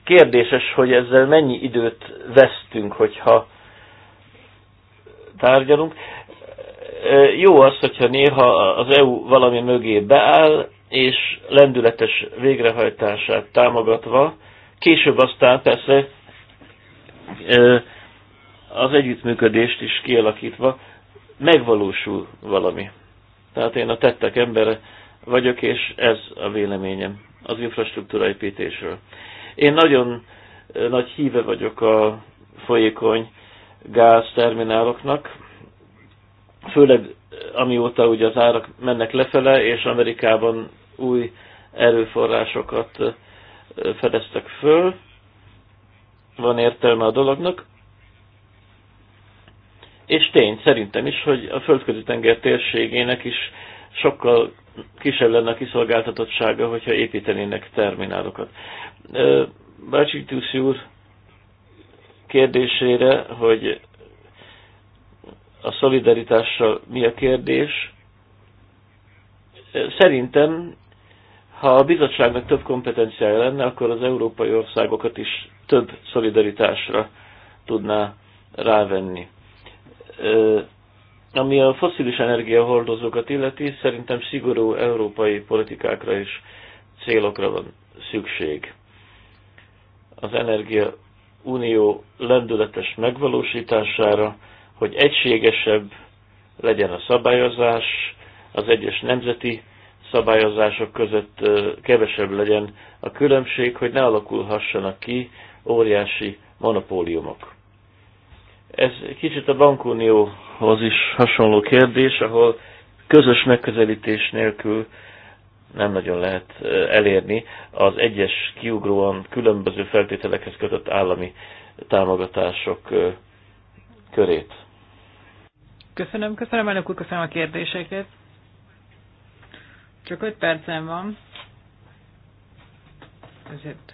kérdéses, hogy ezzel mennyi időt vesztünk, hogyha tárgyalunk. Jó az, hogyha néha az EU valami mögé beáll, és lendületes végrehajtását támogatva, Később aztán persze az együttműködést is kialakítva megvalósul valami. Tehát én a tettek embere vagyok, és ez a véleményem az infrastruktúra építésről. Én nagyon nagy híve vagyok a folyékony gáztermináloknak, főleg amióta ugye az árak mennek lefele, és Amerikában új erőforrásokat fedeztek föl, van értelme a dolognak, és tény szerintem is, hogy a földközi tenger térségének is sokkal kisebb lenne a kiszolgáltatottsága, hogyha építenének terminálokat. Bácsitus úr kérdésére, hogy a szolidaritással mi a kérdés, szerintem ha a bizottságnak több kompetenciája lenne, akkor az európai országokat is több szolidaritásra tudná rávenni. Ami a foszilis energiahordozókat illeti, szerintem szigorú európai politikákra és célokra van szükség. Az energia unió lendületes megvalósítására, hogy egységesebb legyen a szabályozás, az egyes nemzeti szabályozások között kevesebb legyen a különbség, hogy ne alakulhassanak ki óriási monopóliumok. Ez kicsit a bankunióhoz is hasonló kérdés, ahol közös megközelítés nélkül nem nagyon lehet elérni az egyes kiugróan különböző feltételekhez kötött állami támogatások körét. Köszönöm, köszönöm elnök úr, köszönöm a kérdéseket. Csak 5 percem van, ezért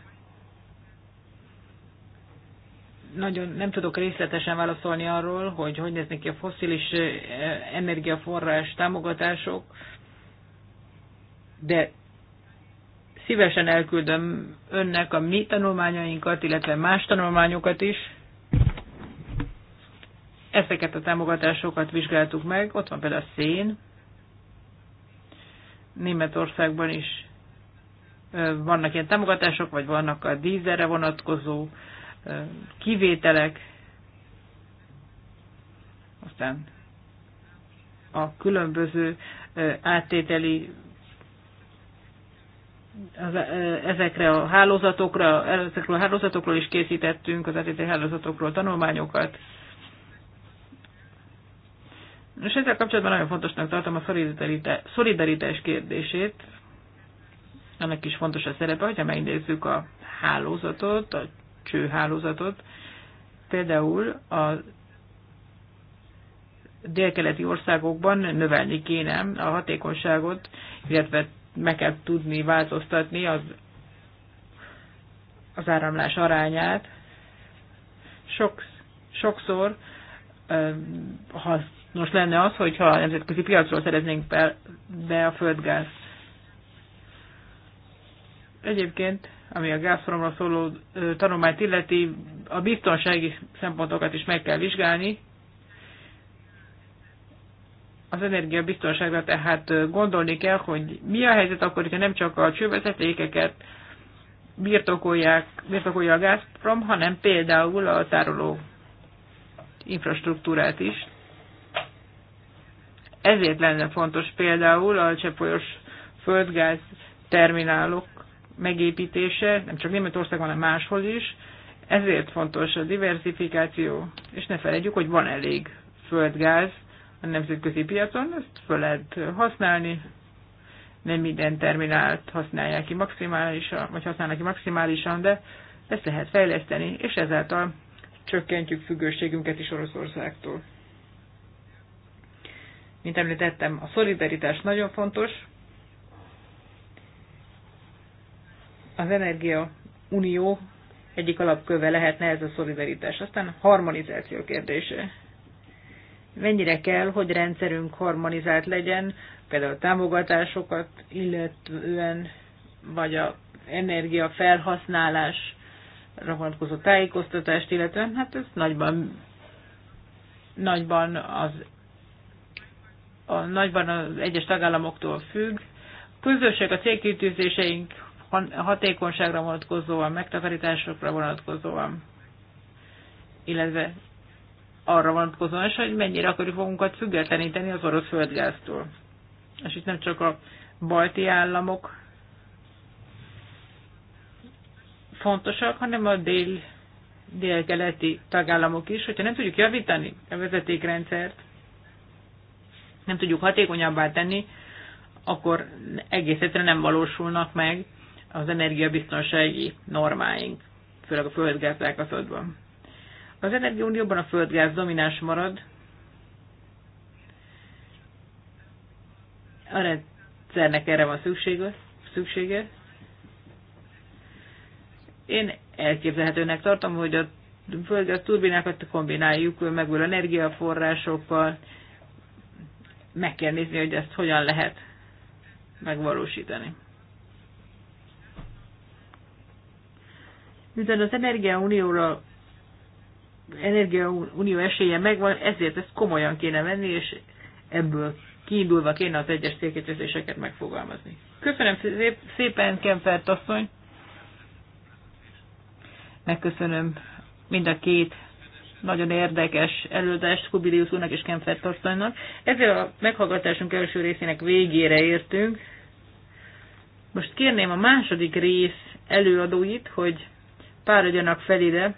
nagyon nem tudok részletesen válaszolni arról, hogy hogy néznek ki a foszilis eh, energiaforrás támogatások, de szívesen elküldöm önnek a mi tanulmányainkat, illetve más tanulmányokat is. Ezeket a támogatásokat vizsgáltuk meg, ott van például a szén, Németországban is vannak ilyen támogatások, vagy vannak a dízelre vonatkozó kivételek, aztán a különböző áttételi az, ezekre a hálózatokra, ezekről a hálózatokról is készítettünk, az áttételi hálózatokról tanulmányokat, és ezzel kapcsolatban nagyon fontosnak tartom a szolidaritás kérdését. Ennek is fontos a szerepe, hogyha megnézzük a hálózatot, a csőhálózatot. Például a délkeleti országokban növelni kéne a hatékonyságot, illetve meg kell tudni változtatni az, az áramlás arányát. Sok, sokszor ha Nos lenne az, hogyha a nemzetközi piacról szereznénk be, be a földgáz. Egyébként, ami a gázforomra szóló tanulmányt illeti, a biztonsági szempontokat is meg kell vizsgálni. Az energiabiztonságra tehát gondolni kell, hogy mi a helyzet akkor, hogyha nem csak a csővezetékeket birtokolják, birtokolja a Gazprom, hanem például a tároló infrastruktúrát is. Ezért lenne fontos például a cseppfolyós földgáz terminálok megépítése, nem csak Németországban, hanem máshol is. Ezért fontos a diversifikáció, és ne felejtjük, hogy van elég földgáz a nemzetközi piacon, ezt fel lehet használni, nem minden terminált használják ki maximálisan, vagy használnak ki maximálisan, de ezt lehet fejleszteni, és ezáltal csökkentjük függőségünket is Oroszországtól. Mint említettem, a szolidaritás nagyon fontos. Az Energia Unió egyik alapköve lehetne ez a szolidaritás. Aztán harmonizáció kérdése. Mennyire kell, hogy rendszerünk harmonizált legyen, például a támogatásokat illetően, vagy a energia felhasználásra vonatkozó tájékoztatást illetően, hát ez nagyban, nagyban az a nagyban az egyes tagállamoktól függ. Közösség a célkitűzéseink hatékonyságra vonatkozóan, megtakarításokra vonatkozóan, illetve arra vonatkozóan és hogy mennyire akarjuk magunkat függetleníteni az orosz földgáztól. És itt nem csak a balti államok fontosak, hanem a dél, délkeleti tagállamok is. Hogyha nem tudjuk javítani a vezetékrendszert, nem tudjuk hatékonyabbá tenni, akkor egész egyszerűen nem valósulnak meg az energiabiztonsági normáink, főleg a földgáz ágazatban. Az energiaunióban a földgáz domináns marad, a rendszernek erre van szüksége, szüksége. Én elképzelhetőnek tartom, hogy a földgáz turbinákat kombináljuk megújuló energiaforrásokkal, meg kell nézni, hogy ezt hogyan lehet megvalósítani. Miután az energiaunióra energiaunió esélye megvan, ezért ezt komolyan kéne venni, és ebből kiindulva kéne az egyes célkitűzéseket megfogalmazni. Köszönöm szépen, Kempert asszony! Megköszönöm mind a két nagyon érdekes előadást Kubilius úrnak és Kempfert asszonynak. Ezzel a meghallgatásunk első részének végére értünk. Most kérném a második rész előadóit, hogy páradjanak fel ide,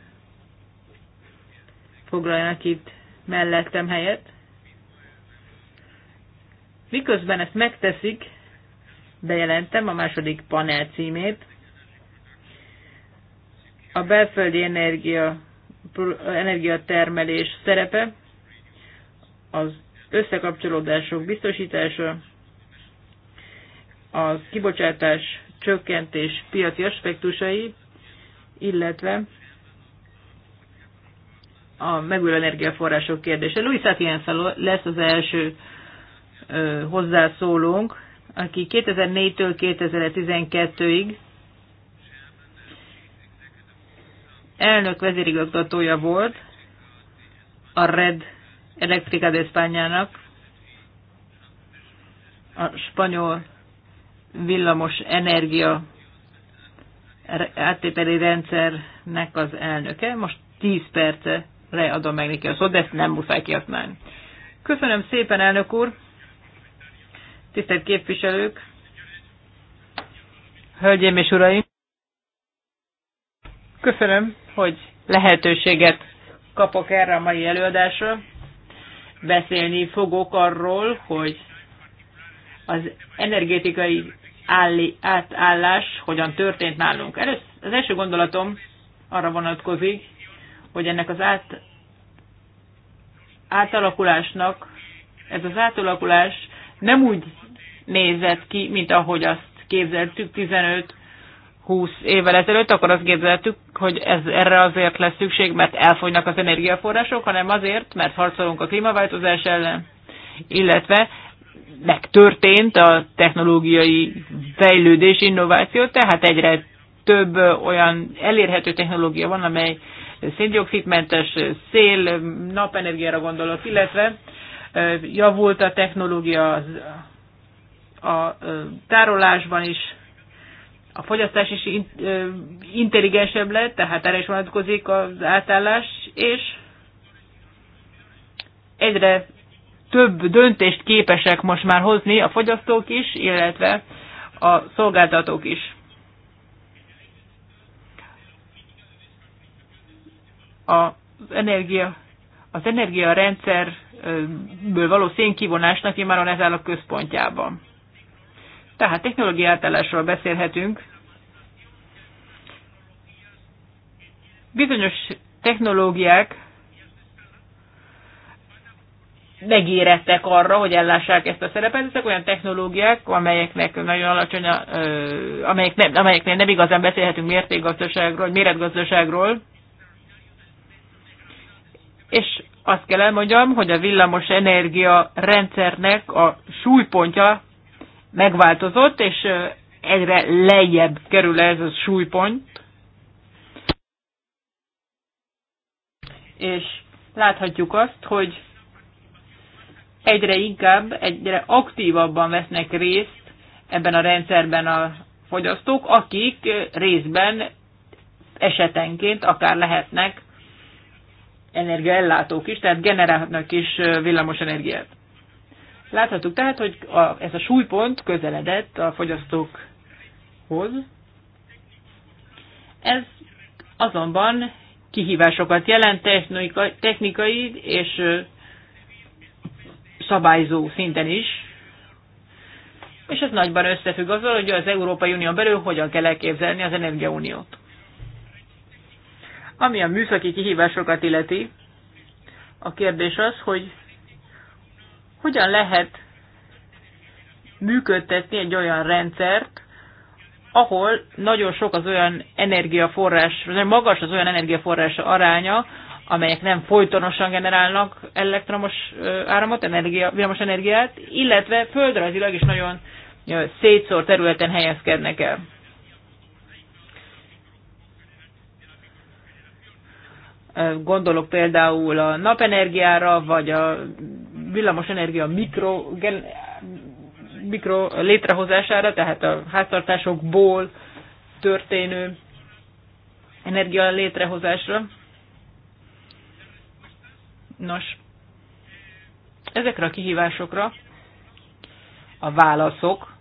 foglaljanak itt mellettem helyet. Miközben ezt megteszik, bejelentem a második panel címét. A belföldi energia energiatermelés szerepe, az összekapcsolódások biztosítása, a kibocsátás csökkentés piaci aspektusai, illetve a megújuló energiaforrások kérdése. Louis Satien lesz az első hozzászólónk, aki 2004-től 2012-ig elnök vezérigazgatója volt a Red Electrica de Spanyának, a spanyol villamos energia áttételi rendszernek az elnöke. Most 10 perce adom meg neki a szót, de ezt nem muszáj kiasználni. Köszönöm szépen, elnök úr! Tisztelt képviselők! Hölgyeim és uraim! Köszönöm, hogy lehetőséget kapok erre a mai előadásra. Beszélni fogok arról, hogy az energetikai álli, átállás hogyan történt nálunk. Először, az első gondolatom arra vonatkozik, hogy ennek az át, átalakulásnak, ez az átalakulás nem úgy nézett ki, mint ahogy azt képzeltük 15-20 évvel ezelőtt, akkor azt képzeltük, hogy ez erre azért lesz szükség, mert elfogynak az energiaforrások, hanem azért, mert harcolunk a klímaváltozás ellen, illetve megtörtént a technológiai fejlődés, innováció, tehát egyre több olyan elérhető technológia van, amely széndiokszidmentes szél, napenergiára gondolok, illetve javult a technológia a tárolásban is, a fogyasztás is intelligensebb lett, tehát erre is vonatkozik az átállás, és egyre több döntést képesek most már hozni a fogyasztók is, illetve a szolgáltatók is. Az energia, az rendszerből való szénkivonásnak immáron ez áll a központjában. Tehát technológiai átállásról beszélhetünk. Bizonyos technológiák megérettek arra, hogy ellássák ezt a szerepet. Ezek olyan technológiák, amelyeknek nagyon alacsony, a, ö, amelyek nem, amelyeknél nem igazán beszélhetünk mértékgazdaságról, méretgazdaságról. És azt kell elmondjam, hogy a villamos energia rendszernek a súlypontja megváltozott, és egyre lejjebb kerül ez a súlypont. És láthatjuk azt, hogy egyre inkább, egyre aktívabban vesznek részt ebben a rendszerben a fogyasztók, akik részben esetenként akár lehetnek energiaellátók is, tehát generálhatnak is villamos energiát. Láthattuk tehát, hogy a, ez a súlypont közeledett a fogyasztókhoz. Ez azonban kihívásokat jelent technikai, technikai és szabályzó szinten is, és ez nagyban összefügg azzal, hogy az Európai Unió belül hogyan kell elképzelni az energiauniót. Ami a műszaki kihívásokat illeti, a kérdés az, hogy hogyan lehet működtetni egy olyan rendszert, ahol nagyon sok az olyan energiaforrás, nagyon magas az olyan energiaforrás aránya, amelyek nem folytonosan generálnak elektromos áramot, energia, villamos energiát, illetve földrajzilag is nagyon szétszór területen helyezkednek el. Gondolok például a napenergiára, vagy a villamos energia mikro, gen, mikro létrehozására, tehát a háztartásokból történő energia létrehozásra. Nos, ezekre a kihívásokra a válaszok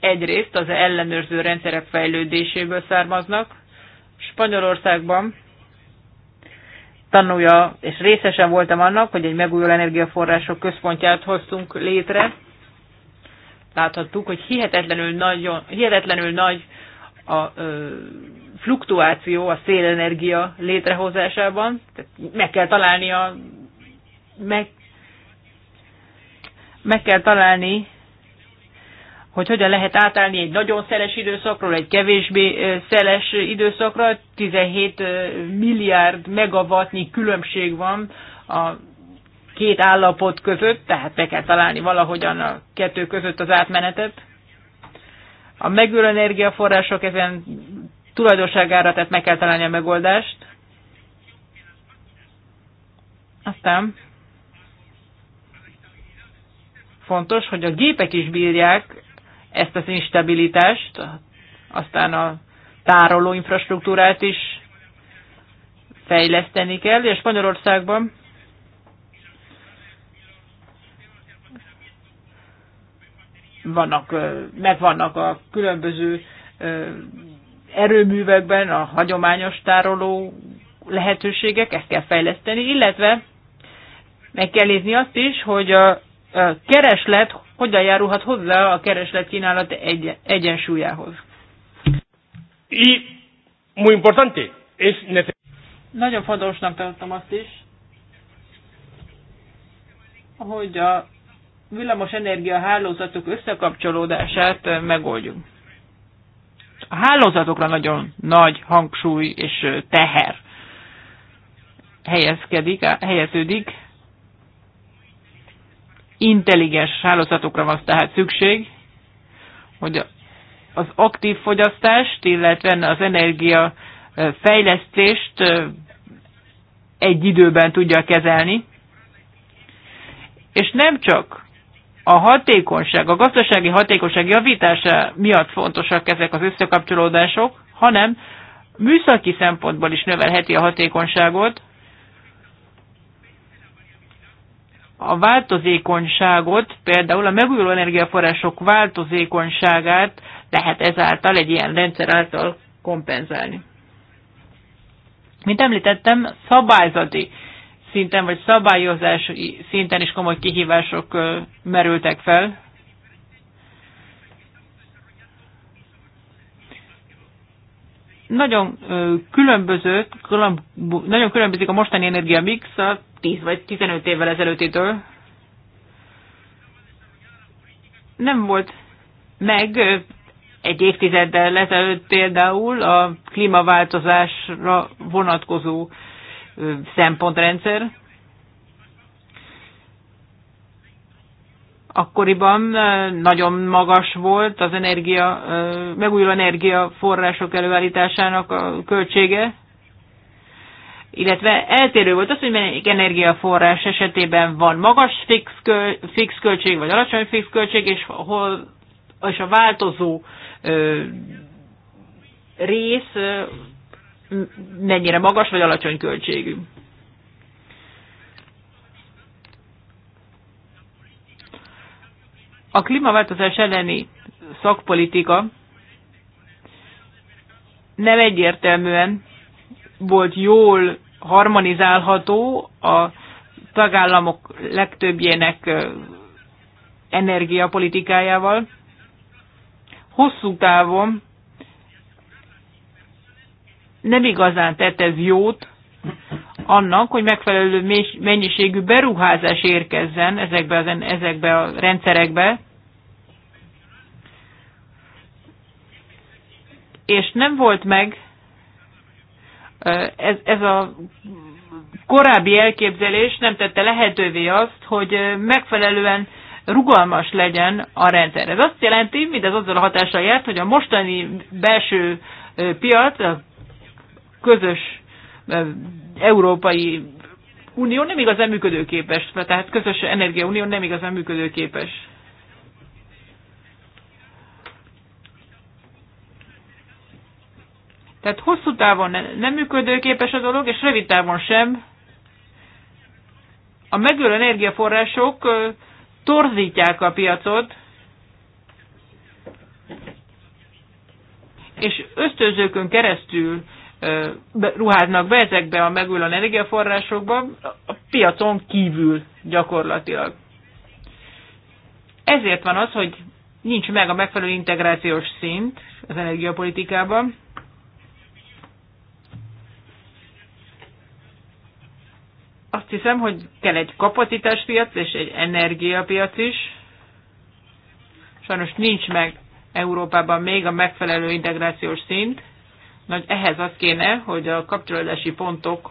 egyrészt az ellenőrző rendszerek fejlődéséből származnak. Spanyolországban tanulja, és részesen voltam annak, hogy egy megújuló energiaforrások központját hoztunk létre. Láthattuk, hogy hihetetlenül, nagyon, hihetetlenül nagy a ö, fluktuáció a szélenergia létrehozásában. Tehát meg kell találni a meg, meg kell találni hogy hogyan lehet átállni egy nagyon szeles időszakról, egy kevésbé szeles időszakra. 17 milliárd megavatnyi különbség van a két állapot között, tehát be kell találni valahogyan a kettő között az átmenetet. A megülő energiaforrások ezen tulajdonságára, tehát meg kell találni a megoldást. Aztán fontos, hogy a gépek is bírják ezt az instabilitást, aztán a tároló infrastruktúrát is fejleszteni kell, és Spanyolországban vannak, megvannak a különböző erőművekben a hagyományos tároló lehetőségek, ezt kell fejleszteni, illetve meg kell nézni azt is, hogy a kereslet hogyan járulhat hozzá a kereslet-kínálat egy, egyensúlyához. I, muy importante, es Nagyon fontosnak tartom azt is, hogy a villamos energia hálózatok összekapcsolódását megoldjuk. A hálózatokra nagyon nagy hangsúly és teher helyezkedik, helyeződik, intelligens hálózatokra van tehát szükség, hogy az aktív fogyasztást, illetve az energia fejlesztést egy időben tudja kezelni. És nem csak a hatékonyság, a gazdasági hatékonyság javítása miatt fontosak ezek az összekapcsolódások, hanem műszaki szempontból is növelheti a hatékonyságot, a változékonyságot, például a megújuló energiaforrások változékonyságát lehet ezáltal egy ilyen rendszer által kompenzálni. Mint említettem, szabályzati szinten vagy szabályozási szinten is komoly kihívások merültek fel. Nagyon különböző, nagyon különbözik a mostani energiamix a 10 vagy 15 évvel ezelőttitől nem volt meg egy évtizeddel ezelőtt például a klímaváltozásra vonatkozó szempontrendszer. Akkoriban nagyon magas volt az energia, megújuló energiaforrások előállításának a költsége, illetve eltérő volt az, hogy melyik energiaforrás esetében van magas fix, köl, fix költség, vagy alacsony fix költség, és, hol, és a változó ö, rész ö, mennyire magas vagy alacsony költségű. A klímaváltozás elleni szakpolitika nem egyértelműen volt jól harmonizálható a tagállamok legtöbbjének energiapolitikájával. Hosszú távon nem igazán tett ez jót annak, hogy megfelelő mennyiségű beruházás érkezzen ezekbe, az, ezekbe a rendszerekbe, és nem volt meg ez, ez a korábbi elképzelés nem tette lehetővé azt, hogy megfelelően rugalmas legyen a rendszer. Ez azt jelenti, mindez azzal a hatással járt, hogy a mostani belső piac, a közös európai unió nem igazán működőképes, tehát közös energiaunió nem igazán működőképes. Tehát hosszú távon nem működőképes a dolog, és rövid távon sem. A megülő energiaforrások torzítják a piacot, és ösztözőkön keresztül ruháznak be ezekbe a megülő energiaforrásokba, a piacon kívül gyakorlatilag. Ezért van az, hogy nincs meg a megfelelő integrációs szint az energiapolitikában, Azt hiszem, hogy kell egy kapacitáspiac és egy energiapiac is. Sajnos nincs meg Európában még a megfelelő integrációs szint. Nagy ehhez az kéne, hogy a kapcsolódási pontok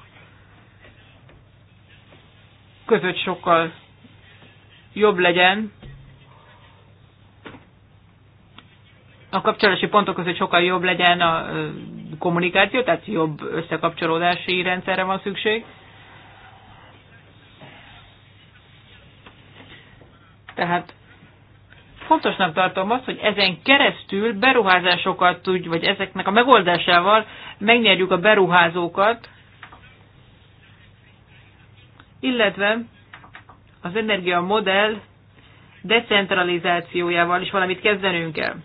között sokkal jobb legyen, a kapcsolási pontok között sokkal jobb legyen a kommunikáció, tehát jobb összekapcsolódási rendszerre van szükség. Tehát fontosnak tartom azt, hogy ezen keresztül beruházásokat tudj, vagy ezeknek a megoldásával megnyerjük a beruházókat, illetve az energia decentralizációjával is valamit kezdenünk el.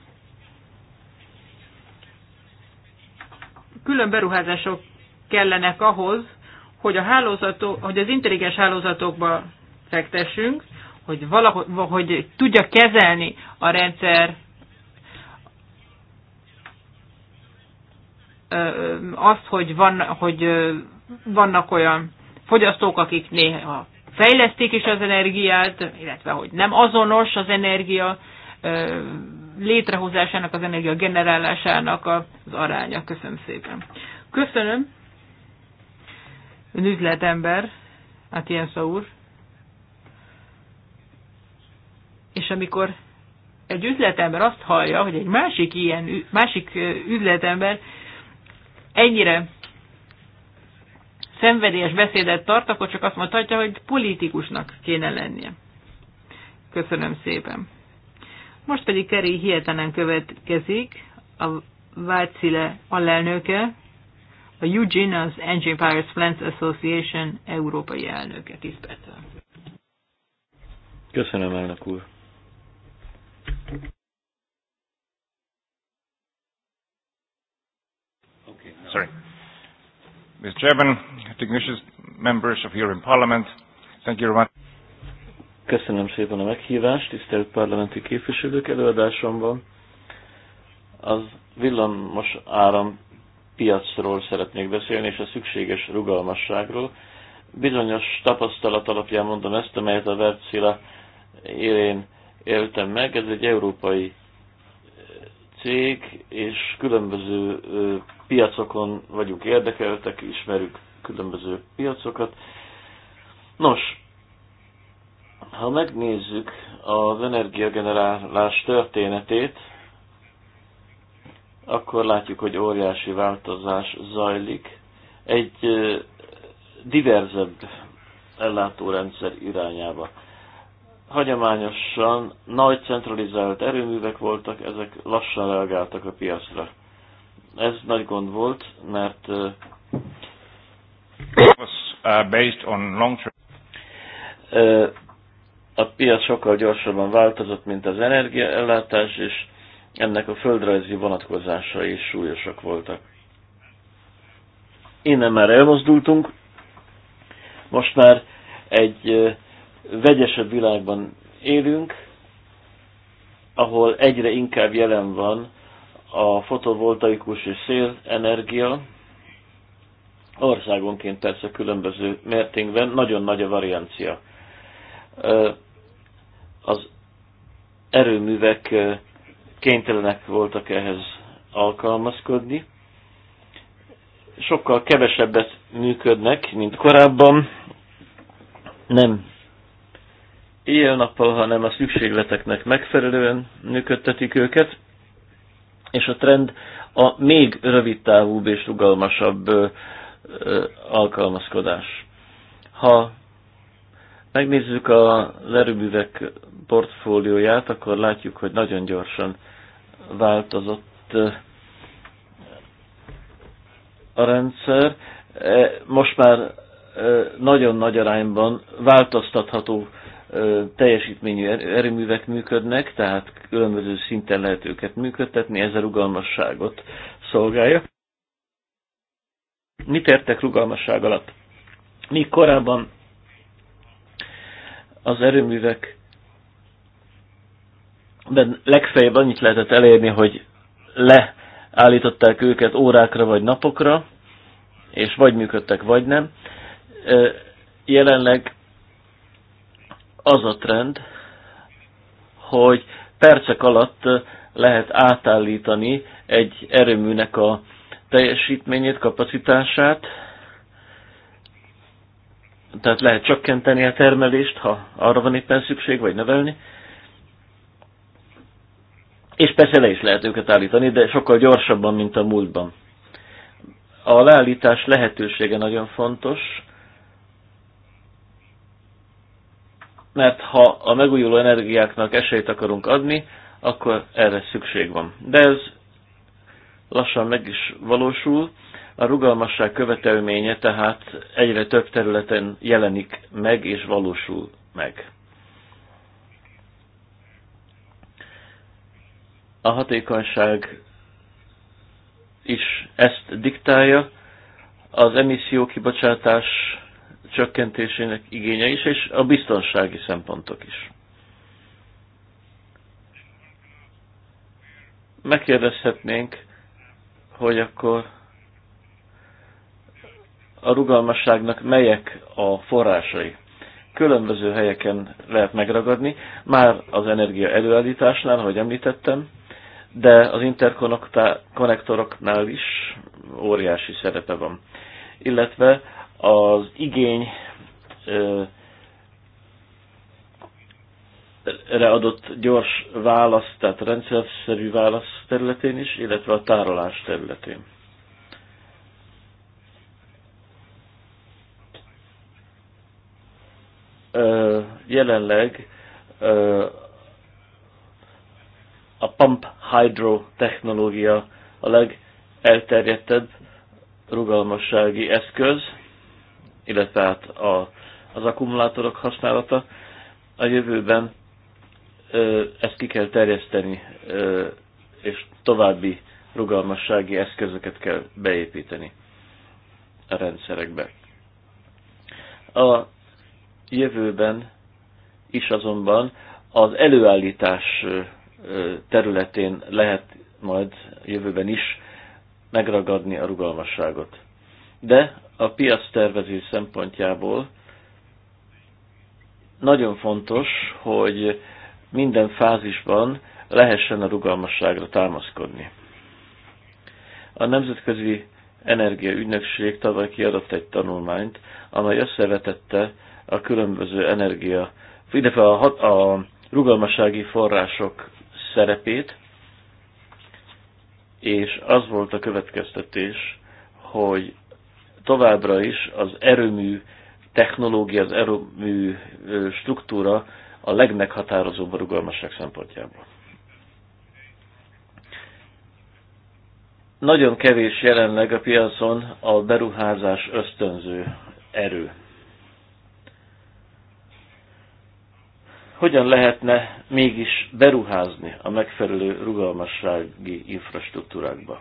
Külön beruházások kellenek ahhoz, hogy, a hálózatok, hogy az intelligens hálózatokba fektessünk, hogy, valahogy, hogy tudja kezelni a rendszer azt, hogy, van, hogy vannak olyan fogyasztók, akik néha fejlesztik is az energiát, illetve hogy nem azonos az energia létrehozásának, az energia generálásának az aránya. Köszönöm szépen. Köszönöm. Ön üzletember, Atiensza úr. amikor egy üzletember azt hallja, hogy egy másik ilyen, másik üzletember ennyire szenvedélyes beszédet tart, akkor csak azt mondhatja, hogy politikusnak kéne lennie. Köszönöm szépen. Most pedig Keri hihetlenen következik, a Vácile alelnöke, a Eugene, az Engine Fires Plants Association európai elnöke. 10 Köszönöm, elnök úr. Sorry. Mr. Chairman, distinguished members of European Parliament, thank you very much. Köszönöm szépen a meghívást, tisztelt parlamenti képviselők előadásomban. Az villamos áram piacról szeretnék beszélni, és a szükséges rugalmasságról. Bizonyos tapasztalat alapján mondom ezt, amelyet a Vercila élén éltem meg. Ez egy európai eh, cég, és különböző eh, piacokon vagyunk érdekeltek, ismerjük különböző piacokat. Nos, ha megnézzük az energiagenerálás történetét, akkor látjuk, hogy óriási változás zajlik. Egy eh, diverzebb ellátórendszer irányába hagyományosan nagy centralizált erőművek voltak, ezek lassan reagáltak a piacra. Ez nagy gond volt, mert uh, based on long a piac sokkal gyorsabban változott, mint az energiaellátás, és ennek a földrajzi vonatkozásai is súlyosak voltak. Innen már elmozdultunk, most már egy vegyesebb világban élünk, ahol egyre inkább jelen van a fotovoltaikus és szélenergia, országonként persze különböző mértékben, nagyon nagy a variancia. Az erőművek kénytelenek voltak ehhez alkalmazkodni, sokkal kevesebbet működnek, mint korábban, nem éjjel-nappal, hanem a szükségleteknek megfelelően működtetik őket, és a trend a még távúbb és rugalmasabb ö, ö, alkalmazkodás. Ha megnézzük a lerőművek portfólióját, akkor látjuk, hogy nagyon gyorsan változott a rendszer. E, most már nagyon nagy arányban változtatható teljesítményű er-, erőművek működnek, tehát különböző szinten lehet őket működtetni, ez a rugalmasságot szolgálja. Mit értek rugalmasság alatt? Míg korábban az erőművek de legfeljebb annyit lehetett elérni, hogy leállították őket órákra vagy napokra, és vagy működtek, vagy nem. Jelenleg az a trend, hogy percek alatt lehet átállítani egy erőműnek a teljesítményét, kapacitását, tehát lehet csökkenteni a termelést, ha arra van éppen szükség, vagy növelni. És persze le is lehet őket állítani, de sokkal gyorsabban, mint a múltban. A leállítás lehetősége nagyon fontos, mert ha a megújuló energiáknak esélyt akarunk adni, akkor erre szükség van. De ez lassan meg is valósul. A rugalmasság követelménye tehát egyre több területen jelenik meg és valósul meg. A hatékonyság is ezt diktálja, az emisszió kibocsátás csökkentésének igénye is, és a biztonsági szempontok is. Megkérdezhetnénk, hogy akkor a rugalmasságnak melyek a forrásai. Különböző helyeken lehet megragadni, már az energia előállításnál, ahogy említettem, de az interkonnektoroknál is óriási szerepe van. Illetve az igény erre adott gyors válasz, tehát rendszerszerű válasz területén is, illetve a tárolás területén. Jelenleg a pump hydro technológia a legelterjedtebb rugalmassági eszköz, illetve hát a, az akkumulátorok használata. A jövőben ezt ki kell terjeszteni, és további rugalmassági eszközöket kell beépíteni a rendszerekbe. A jövőben is azonban az előállítás területén lehet majd jövőben is megragadni a rugalmasságot de a piac tervező szempontjából nagyon fontos, hogy minden fázisban lehessen a rugalmasságra támaszkodni. A Nemzetközi Ügynökség tavaly kiadott egy tanulmányt, amely összevetette a különböző energia, illetve a, hat, a rugalmassági források szerepét, és az volt a következtetés, hogy továbbra is az erőmű technológia, az erőmű struktúra a legmeghatározóbb a rugalmasság szempontjából. Nagyon kevés jelenleg a piacon a beruházás ösztönző erő. Hogyan lehetne mégis beruházni a megfelelő rugalmassági infrastruktúrákba?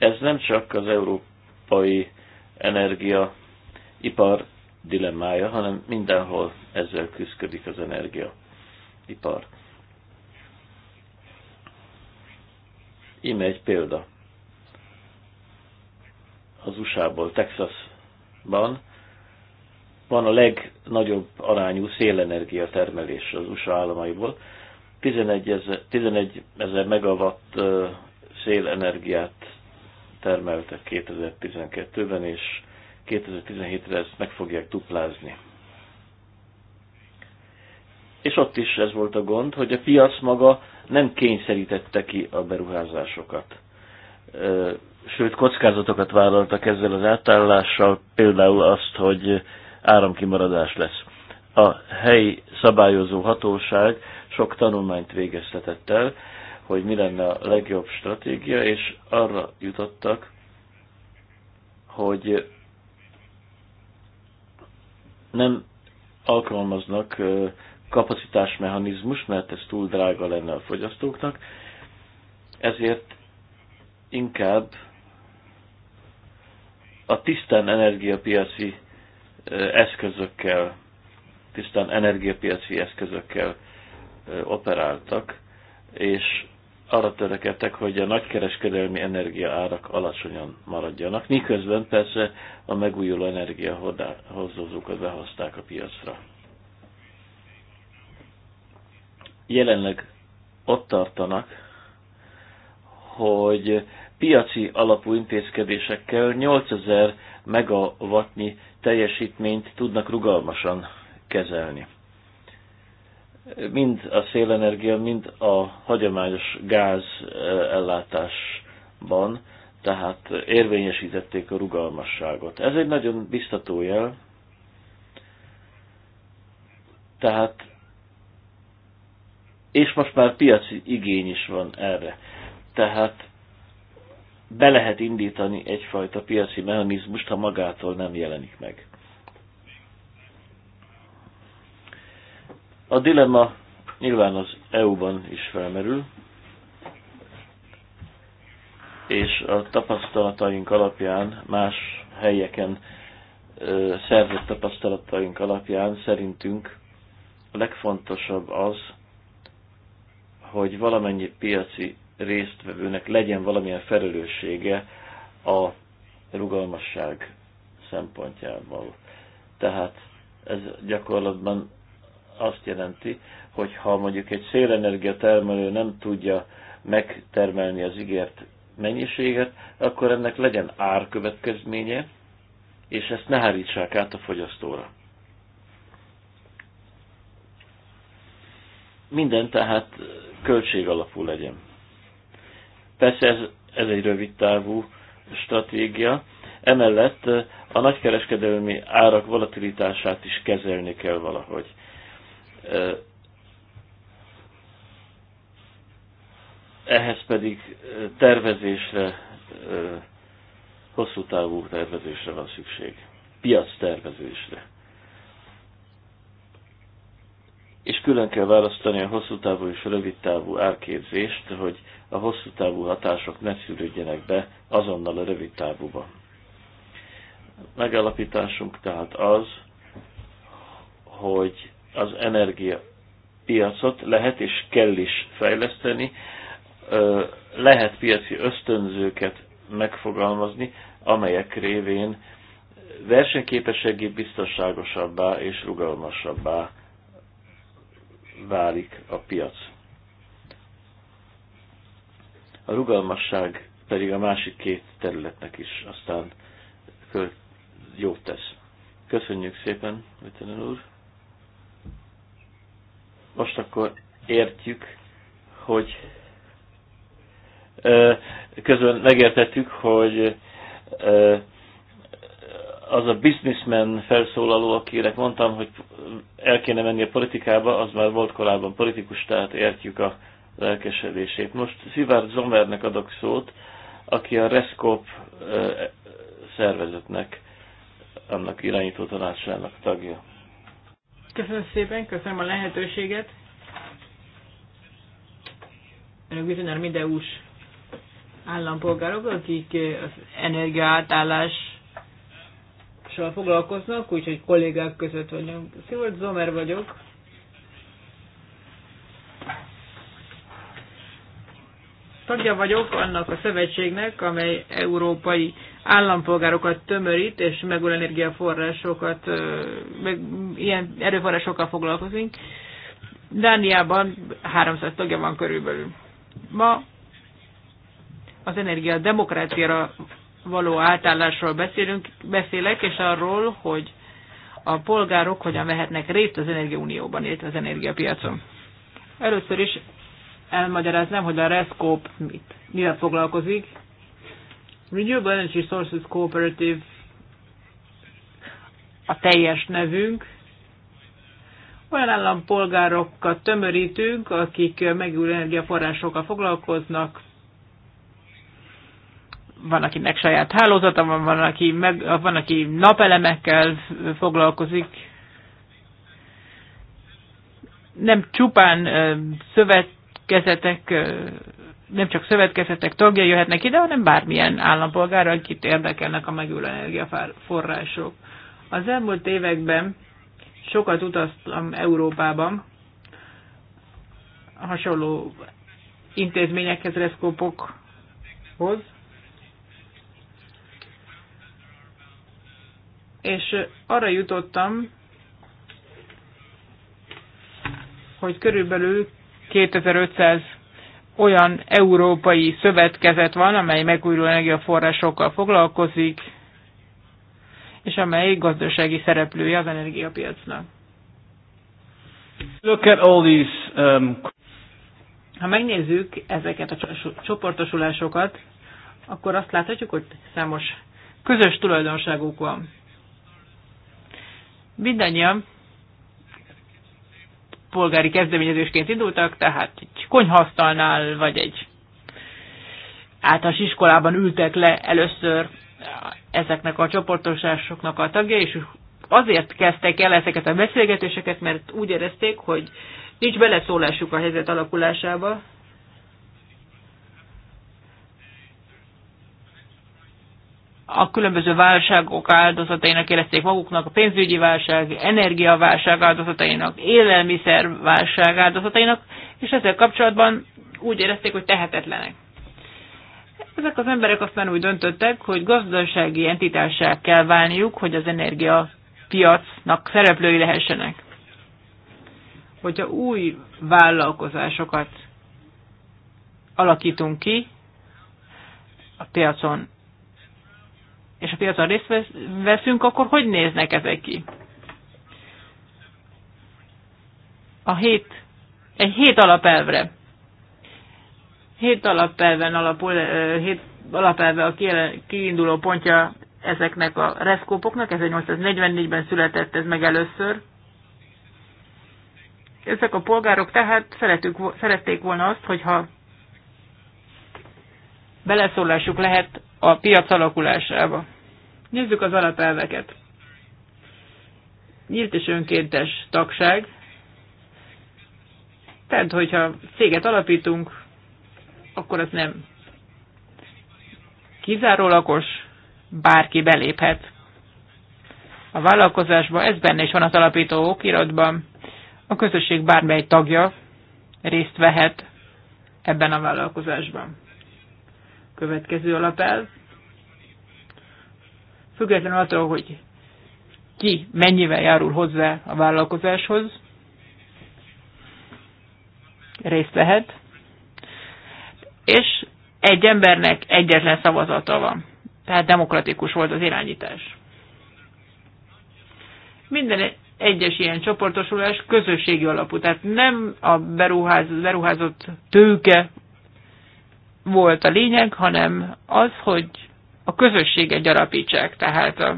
Ez nem csak az európai energiaipar dilemmája, hanem mindenhol ezzel küzdik az energiaipar. Íme egy példa. Az USA-ból, Texasban van a legnagyobb arányú szélenergia termelés az USA államaiból. 11 ezer megawatt szélenergiát termeltek 2012-ben, és 2017-re ezt meg fogják duplázni. És ott is ez volt a gond, hogy a piac maga nem kényszerítette ki a beruházásokat. Sőt, kockázatokat vállaltak ezzel az átállással, például azt, hogy áramkimaradás lesz. A helyi szabályozó hatóság sok tanulmányt végeztetett el, hogy mi lenne a legjobb stratégia, és arra jutottak, hogy nem alkalmaznak kapacitásmechanizmus, mert ez túl drága lenne a fogyasztóknak, ezért inkább a tisztán energiapiaci eszközökkel, tisztán energiapiaci eszközökkel operáltak, és arra törekedtek, hogy a nagykereskedelmi energiaárak alacsonyan maradjanak, miközben persze a megújuló energiahordozókat behozták a piacra. Jelenleg ott tartanak, hogy piaci alapú intézkedésekkel 8000 megawattnyi teljesítményt tudnak rugalmasan kezelni mind a szélenergia, mind a hagyományos gáz eh, ellátásban, tehát érvényesítették a rugalmasságot. Ez egy nagyon biztató jel, tehát és most már piaci igény is van erre. Tehát be lehet indítani egyfajta piaci mechanizmust, ha magától nem jelenik meg. A dilemma nyilván az EU-ban is felmerül, és a tapasztalataink alapján, más helyeken szerzett tapasztalataink alapján szerintünk a legfontosabb az, hogy valamennyi piaci résztvevőnek legyen valamilyen felelőssége a rugalmasság szempontjából. Tehát ez gyakorlatban azt jelenti, hogy ha mondjuk egy szélenergia termelő nem tudja megtermelni az ígért mennyiséget, akkor ennek legyen árkövetkezménye, és ezt ne hárítsák át a fogyasztóra. Minden tehát költség alapú legyen. Persze ez, ez egy rövid távú stratégia, emellett a nagykereskedelmi árak volatilitását is kezelni kell valahogy. Ehhez pedig tervezésre, hosszú távú tervezésre van szükség. Piac tervezésre. és külön kell választani a hosszú távú és a rövid távú árképzést, hogy a hosszú távú hatások ne szűrődjenek be azonnal a rövid távúban. Megállapításunk tehát az, hogy az energia piacot lehet és kell is fejleszteni, lehet piaci ösztönzőket megfogalmazni, amelyek révén versenyképességi biztonságosabbá és rugalmasabbá válik a piac. A rugalmasság pedig a másik két területnek is aztán jót tesz. Köszönjük szépen, Vitelen úr! most akkor értjük, hogy közben megértettük, hogy az a businessman felszólaló, akinek mondtam, hogy el kéne menni a politikába, az már volt korábban politikus, tehát értjük a lelkesedését. Most Szivárd Zomernek adok szót, aki a Reszkop szervezetnek, annak irányító tanácsának tagja. Köszönöm szépen, köszönöm a lehetőséget. Önök bizonyára minden ús állampolgárok, akik az energiaátállás foglalkoznak, úgyhogy kollégák között vagyunk. szóval Zomer vagyok, tagja vagyok annak a szövetségnek, amely európai állampolgárokat tömörít, és megújuló energiaforrásokat, meg ilyen erőforrásokkal foglalkozunk. Dániában 300 tagja van körülbelül. Ma az energia demokráciára való átállásról beszélünk, beszélek, és arról, hogy a polgárok hogyan vehetnek részt az energiaunióban, illetve az energiapiacon. Először is elmagyaráznám, hogy a RESCOP mit, mivel foglalkozik. Renewable Energy Sources Cooperative a teljes nevünk. Olyan állampolgárokat tömörítünk, akik megújuló energiaforrásokkal foglalkoznak, van, akinek saját hálózata van, van, aki, meg, van, aki napelemekkel foglalkozik. Nem csupán szövet szövetkezetek, nem csak szövetkezetek tagja jöhetnek ide, hanem bármilyen állampolgár, akit érdekelnek a megújuló energiaforrások. Az elmúlt években sokat utaztam Európában, hasonló intézményekhez, reszkópokhoz, és arra jutottam, hogy körülbelül 2500 olyan európai szövetkezet van, amely megújuló energiaforrásokkal foglalkozik, és amely gazdasági szereplője az energiapiacnak. Look at all these, um... Ha megnézzük ezeket a csoportosulásokat, akkor azt láthatjuk, hogy számos közös tulajdonságuk van. Mindannyian polgári kezdeményezésként indultak, tehát egy konyhasztalnál, vagy egy általános iskolában ültek le először ezeknek a csoportosásoknak a tagja, és azért kezdtek el ezeket a beszélgetéseket, mert úgy érezték, hogy nincs beleszólásuk a helyzet alakulásába, a különböző válságok áldozatainak érezték maguknak, a pénzügyi válság, energiaválság áldozatainak, élelmiszerválság áldozatainak, és ezzel kapcsolatban úgy érezték, hogy tehetetlenek. Ezek az emberek aztán úgy döntöttek, hogy gazdasági entitásság kell válniuk, hogy az energiapiacnak szereplői lehessenek. Hogyha új vállalkozásokat alakítunk ki a piacon és a piacon részt veszünk, akkor hogy néznek ezek ki? A hét, egy hét alapelvre. Hét alapelven alapul, hét alapelve a kiinduló pontja ezeknek a reszkópoknak, 1844-ben született ez meg először. Ezek a polgárok tehát szeretük, szerették volna azt, hogyha beleszólásuk lehet a piac alakulásába. Nézzük az alapelveket. Nyílt és önkéntes tagság. Tehát, hogyha céget alapítunk, akkor az nem kizárólagos, bárki beléphet a vállalkozásba, ez benne is van az alapító okiratban, a közösség bármely tagja részt vehet ebben a vállalkozásban következő alapelv. Függetlenül attól, hogy ki mennyivel járul hozzá a vállalkozáshoz, részt vehet, és egy embernek egyetlen szavazata van. Tehát demokratikus volt az irányítás. Minden egyes ilyen csoportosulás közösségi alapú, tehát nem a beruház, beruházott tőke volt a lényeg, hanem az, hogy a közösséget gyarapítsák, tehát a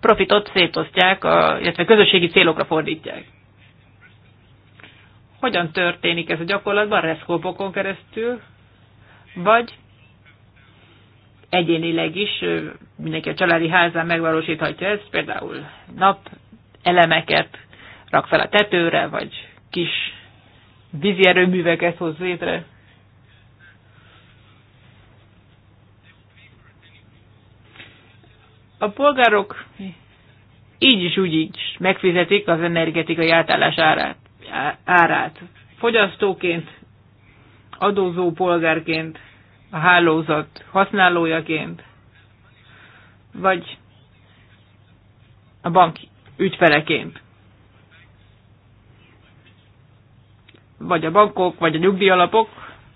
profitot szétosztják, a, illetve közösségi célokra fordítják. Hogyan történik ez a gyakorlatban? Reszkópokon keresztül, vagy egyénileg is mindenki a családi házán megvalósíthatja ezt, például nap elemeket rak fel a tetőre, vagy kis erőműveket hoz létre. A polgárok így is úgy is megfizetik az energetikai átállás árát. árát. Fogyasztóként, adózó polgárként, a hálózat használójaként, vagy a bank ügyfeleként. Vagy a bankok, vagy a nyugdíjalapok,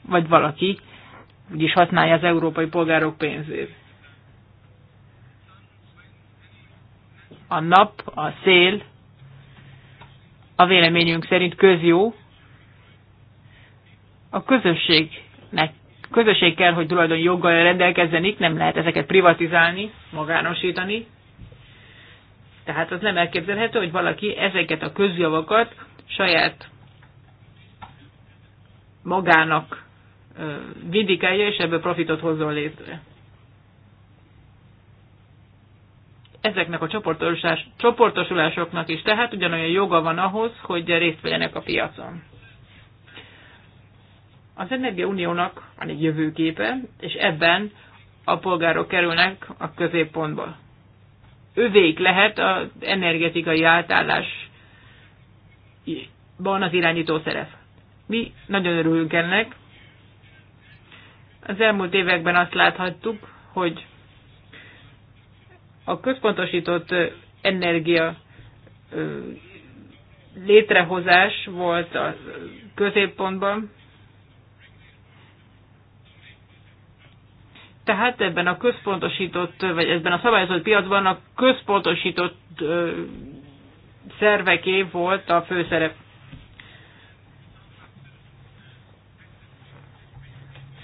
vagy valaki úgyis használja az európai polgárok pénzét. a nap, a szél a véleményünk szerint közjó. A közösségnek közösség kell, hogy tulajdon joggal rendelkezzenik, nem lehet ezeket privatizálni, magánosítani. Tehát az nem elképzelhető, hogy valaki ezeket a közjavakat saját magának vindikálja, és ebből profitot hozzon létre. ezeknek a csoportosulás, csoportosulásoknak is tehát ugyanolyan joga van ahhoz, hogy részt vegyenek a piacon. Az Energia Uniónak van egy jövőképe, és ebben a polgárok kerülnek a középpontba. Övék lehet az energetikai átállásban az irányító szerep. Mi nagyon örülünk ennek. Az elmúlt években azt láthattuk, hogy a központosított energia létrehozás volt a középpontban. Tehát ebben a központosított, vagy ebben a szabályozott piacban a központosított szerveké volt a főszerep.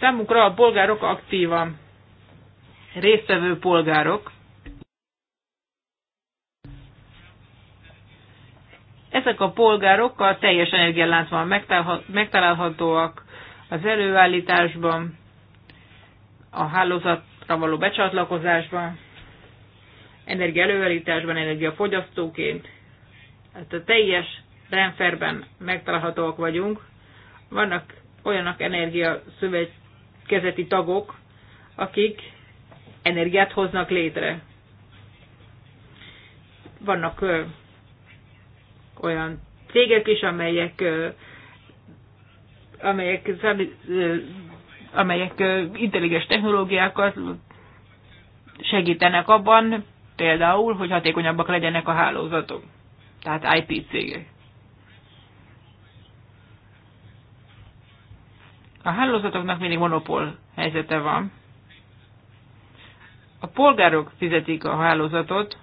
Számukra a polgárok aktívan résztvevő polgárok, Ezek a polgárok a teljes energiáláncban megtalálhatóak az előállításban, a hálózatra való becsatlakozásban, energia előállításban, energiafogyasztóként. Tehát a teljes rendszerben megtalálhatóak vagyunk. Vannak olyanak energiaszövetkezeti tagok, akik energiát hoznak létre. Vannak olyan cégek is, amelyek amelyek, amelyek intelligens technológiákat segítenek abban, például, hogy hatékonyabbak legyenek a hálózatok, tehát IP cégek. A hálózatoknak mindig monopól helyzete van. A polgárok fizetik a hálózatot,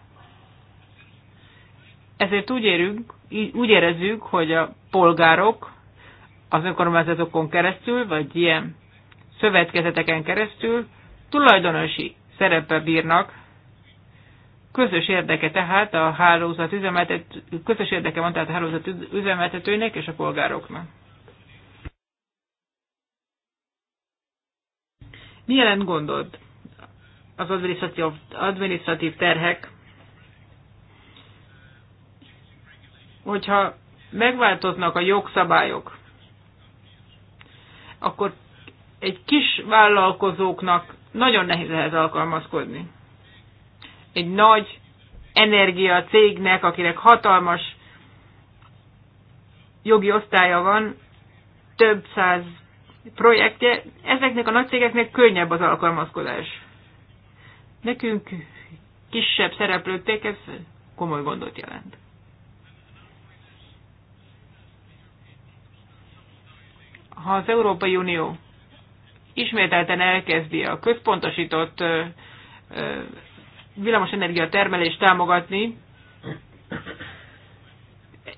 ezért úgy érünk, úgy érezzük, hogy a polgárok az önkormányzatokon keresztül, vagy ilyen szövetkezeteken keresztül tulajdonosi szerepe bírnak. Közös érdeke tehát a hálózat üzemeltető, közös érdeke van tehát a hálózat üzemeltetőnek és a polgároknak. Milyen gondolt gondod az adminisztratív, adminisztratív terhek hogyha megváltoznak a jogszabályok, akkor egy kis vállalkozóknak nagyon nehéz ehhez alkalmazkodni. Egy nagy energia cégnek, akinek hatalmas jogi osztálya van, több száz projektje, ezeknek a nagy cégeknek könnyebb az alkalmazkodás. Nekünk kisebb szereplőknek ez komoly gondot jelent. ha az Európai Unió ismételten elkezdi a központosított villamosenergia termelést támogatni,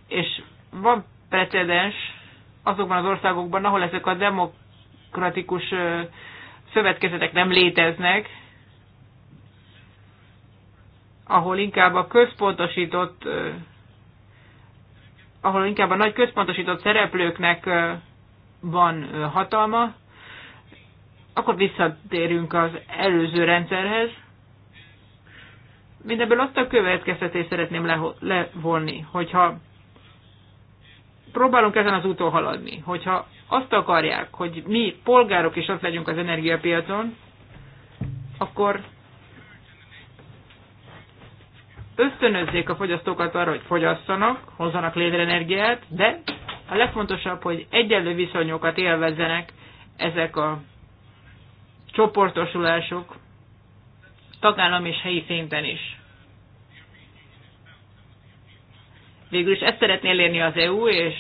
és van precedens azokban az országokban, ahol ezek a demokratikus szövetkezetek nem léteznek, ahol inkább a központosított, ahol inkább a nagy központosított szereplőknek van hatalma, akkor visszatérünk az előző rendszerhez. Mindenből azt a következtetést szeretném levonni, hogyha próbálunk ezen az úton haladni, hogyha azt akarják, hogy mi polgárok is ott legyünk az energiapiacon, akkor ösztönözzék a fogyasztókat arra, hogy fogyasszanak, hozzanak létre energiát, de a legfontosabb, hogy egyenlő viszonyokat élvezzenek ezek a csoportosulások tagállam és helyi szinten is. Végül is ezt szeretné elérni az EU és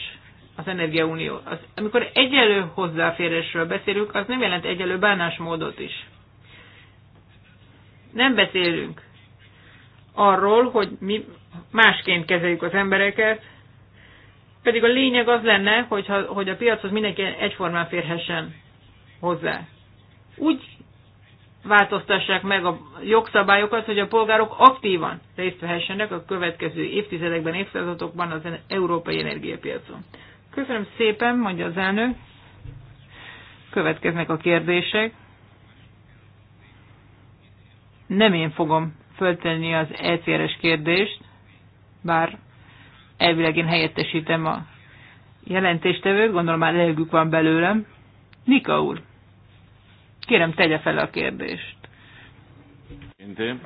az Energiaunió. Az, amikor egyelő hozzáférésről beszélünk, az nem jelent egyelő bánásmódot is. Nem beszélünk arról, hogy mi másként kezeljük az embereket, pedig a lényeg az lenne, hogyha, hogy a piachoz mindenki egyformán férhessen hozzá. Úgy változtassák meg a jogszabályokat, hogy a polgárok aktívan részt vehessenek a következő évtizedekben, évszázadokban az európai energiapiacon. Köszönöm szépen, mondja az elnök. Következnek a kérdések. Nem én fogom föltenni az ECR-es kérdést, bár elvileg én helyettesítem a jelentéstevőt, gondolom már lelkük van belőlem. Nika úr, kérem tegye fel a kérdést. Én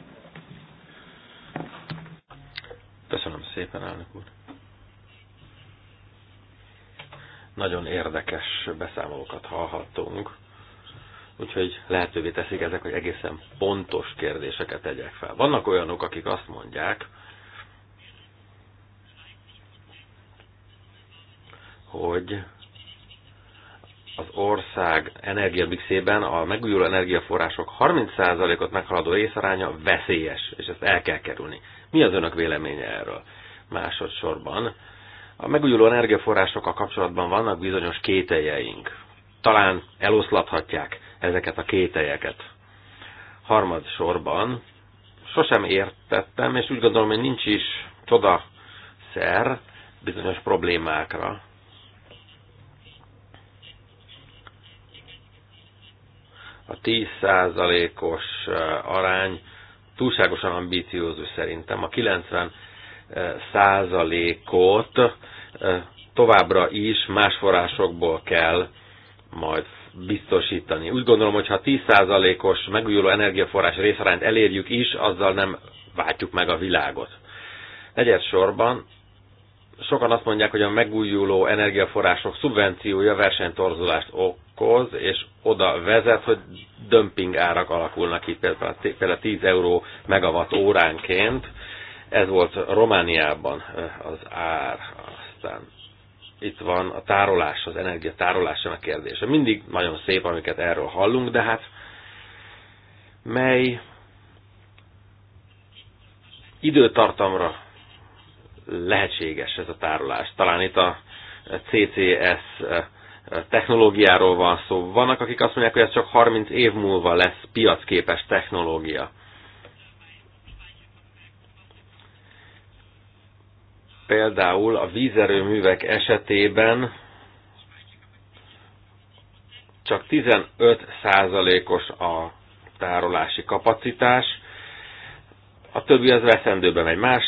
Köszönöm szépen, elnök úr. Nagyon érdekes beszámolókat hallhattunk, úgyhogy lehetővé teszik ezek, hogy egészen pontos kérdéseket tegyek fel. Vannak olyanok, akik azt mondják, hogy az ország energiamixében a megújuló energiaforrások 30%-ot meghaladó részaránya veszélyes, és ezt el kell kerülni. Mi az önök véleménye erről? Másodszorban a megújuló energiaforrásokkal kapcsolatban vannak bizonyos kételjeink. Talán eloszlathatják ezeket a kételjeket. Harmadsorban sosem értettem, és úgy gondolom, hogy nincs is csoda szer bizonyos problémákra, a 10%-os eh, arány túlságosan ambíciózus szerintem. A 90%-ot eh, eh, továbbra is más forrásokból kell majd biztosítani. Úgy gondolom, hogy ha 10%-os megújuló energiaforrás részarányt elérjük is, azzal nem váltjuk meg a világot. Negyed sorban sokan azt mondják, hogy a megújuló energiaforrások szubvenciója versenytorzulást ok okoz, és oda vezet, hogy dömping árak alakulnak ki, például, például 10 euró megawatt óránként, ez volt Romániában az ár, aztán itt van a tárolás, az energia tárolása a kérdése. Mindig nagyon szép, amiket erről hallunk, de hát mely időtartamra lehetséges ez a tárolás? Talán itt a CCS technológiáról van szó. Vannak, akik azt mondják, hogy ez csak 30 év múlva lesz piacképes technológia. Például a vízerőművek esetében csak 15%-os a tárolási kapacitás, a többi az veszendőben egy Más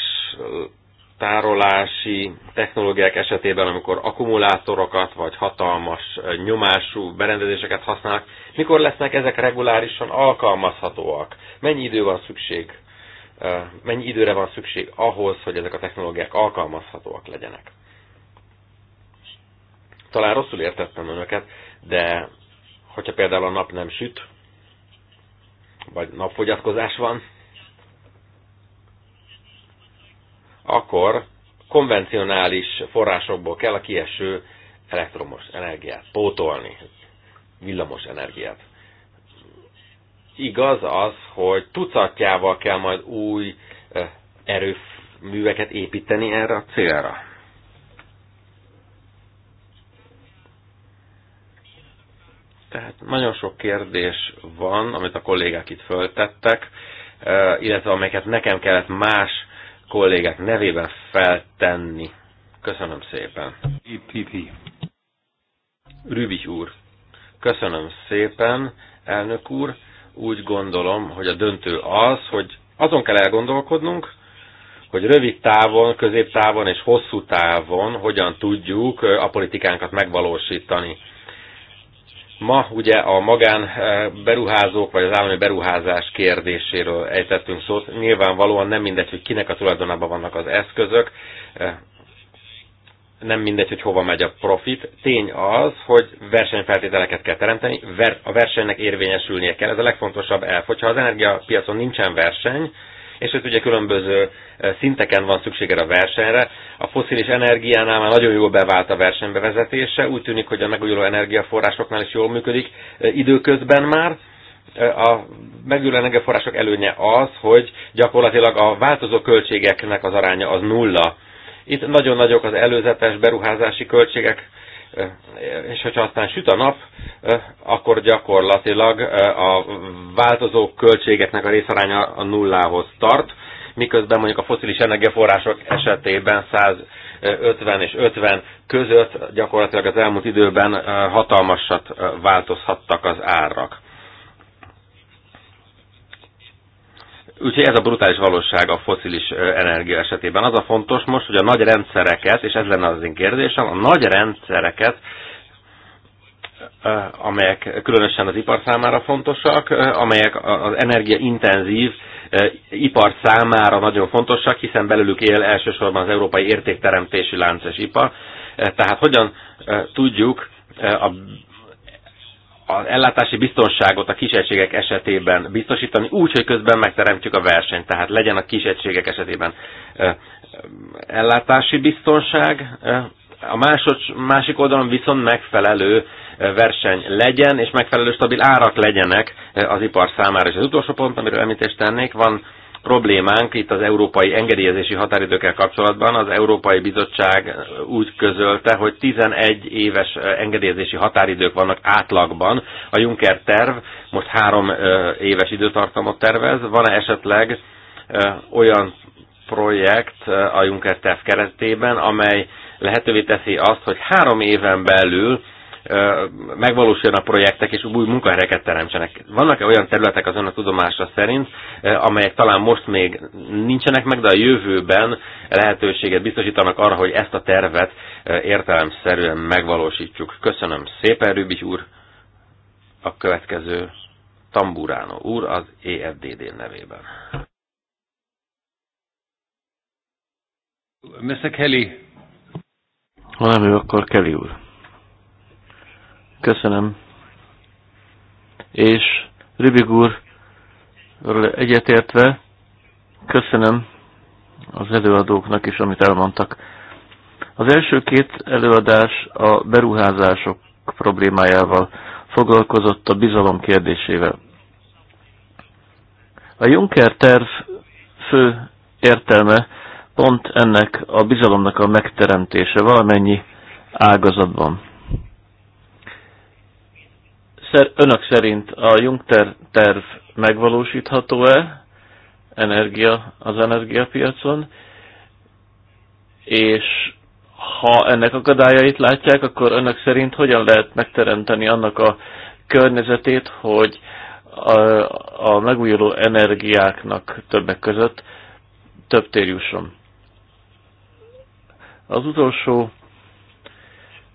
tárolási technológiák esetében, amikor akkumulátorokat vagy hatalmas nyomású berendezéseket használnak, mikor lesznek ezek regulárisan alkalmazhatóak? Mennyi idő van szükség? Mennyi időre van szükség ahhoz, hogy ezek a technológiák alkalmazhatóak legyenek? Talán rosszul értettem önöket, de hogyha például a nap nem süt, vagy napfogyatkozás van, akkor konvencionális forrásokból kell a kieső elektromos energiát pótolni, villamos energiát. Igaz az, hogy tucatjával kell majd új eh, erőműveket építeni erre a célra. Tehát nagyon sok kérdés van, amit a kollégák itt föltettek, eh, illetve amelyeket nekem kellett más kollégák nevében feltenni. Köszönöm szépen. Rübich úr. Köszönöm szépen, elnök úr. Úgy gondolom, hogy a döntő az, hogy azon kell elgondolkodnunk, hogy rövid távon, középtávon és hosszú távon hogyan tudjuk a politikánkat megvalósítani. Ma ugye a magán eh, beruházók vagy az állami beruházás kérdéséről ejtettünk szót. Nyilvánvalóan nem mindegy, hogy kinek a tulajdonában vannak az eszközök, eh, nem mindegy, hogy hova megy a profit. Tény az, hogy versenyfeltételeket kell teremteni, a versenynek érvényesülnie kell. Ez a legfontosabb elf. Hogyha az energiapiacon nincsen verseny, és itt ugye különböző szinteken van szüksége a versenyre. A foszilis energiánál már nagyon jól bevált a versenybevezetése, úgy tűnik, hogy a megújuló energiaforrásoknál is jól működik időközben már. A megújuló energiaforrások előnye az, hogy gyakorlatilag a változó költségeknek az aránya az nulla. Itt nagyon nagyok az előzetes beruházási költségek, és hogyha aztán süt a nap, akkor gyakorlatilag a változó költségeknek a részaránya a nullához tart, miközben mondjuk a foszilis energiaforrások esetében 150 és 50 között gyakorlatilag az elmúlt időben hatalmasat változhattak az árak. Úgyhogy ez a brutális valóság a foszilis energia esetében. Az a fontos most, hogy a nagy rendszereket, és ez lenne az én kérdésem, a nagy rendszereket, amelyek különösen az ipar számára fontosak, amelyek az energiaintenzív ipar számára nagyon fontosak, hiszen belőlük él elsősorban az európai értékteremtési lánces ipar. Tehát hogyan tudjuk a az ellátási biztonságot a kisegységek esetében biztosítani, úgy, hogy közben megteremtjük a versenyt, tehát legyen a kisegységek esetében ellátási biztonság, a másod, másik oldalon viszont megfelelő verseny legyen, és megfelelő stabil árak legyenek az ipar számára. És az utolsó pont, amiről említést tennék, van problémánk itt az európai engedélyezési határidőkkel kapcsolatban. Az Európai Bizottság úgy közölte, hogy 11 éves engedélyezési határidők vannak átlagban. A Juncker terv most három éves időtartamot tervez. Van-e esetleg olyan projekt a Juncker terv keretében, amely lehetővé teszi azt, hogy három éven belül megvalósuljon a projektek, és új munkahelyeket teremtsenek. Vannak-e olyan területek az a tudomása szerint, amelyek talán most még nincsenek meg, de a jövőben lehetőséget biztosítanak arra, hogy ezt a tervet értelemszerűen megvalósítsuk. Köszönöm szépen, Rübich úr! A következő Tamburáno úr az EFDD nevében. Mr. Kelly. Ha nem ő, akkor Kelly úr. Köszönöm. És Rübig úr egyetértve, köszönöm az előadóknak is, amit elmondtak. Az első két előadás a beruházások problémájával foglalkozott a bizalom kérdésével. A Juncker terv fő értelme pont ennek a bizalomnak a megteremtése valamennyi ágazatban önök szerint a Juncker terv megvalósítható-e energia, az energiapiacon, és ha ennek akadályait látják, akkor önök szerint hogyan lehet megteremteni annak a környezetét, hogy a, a megújuló energiáknak többek között több térjusson. Az utolsó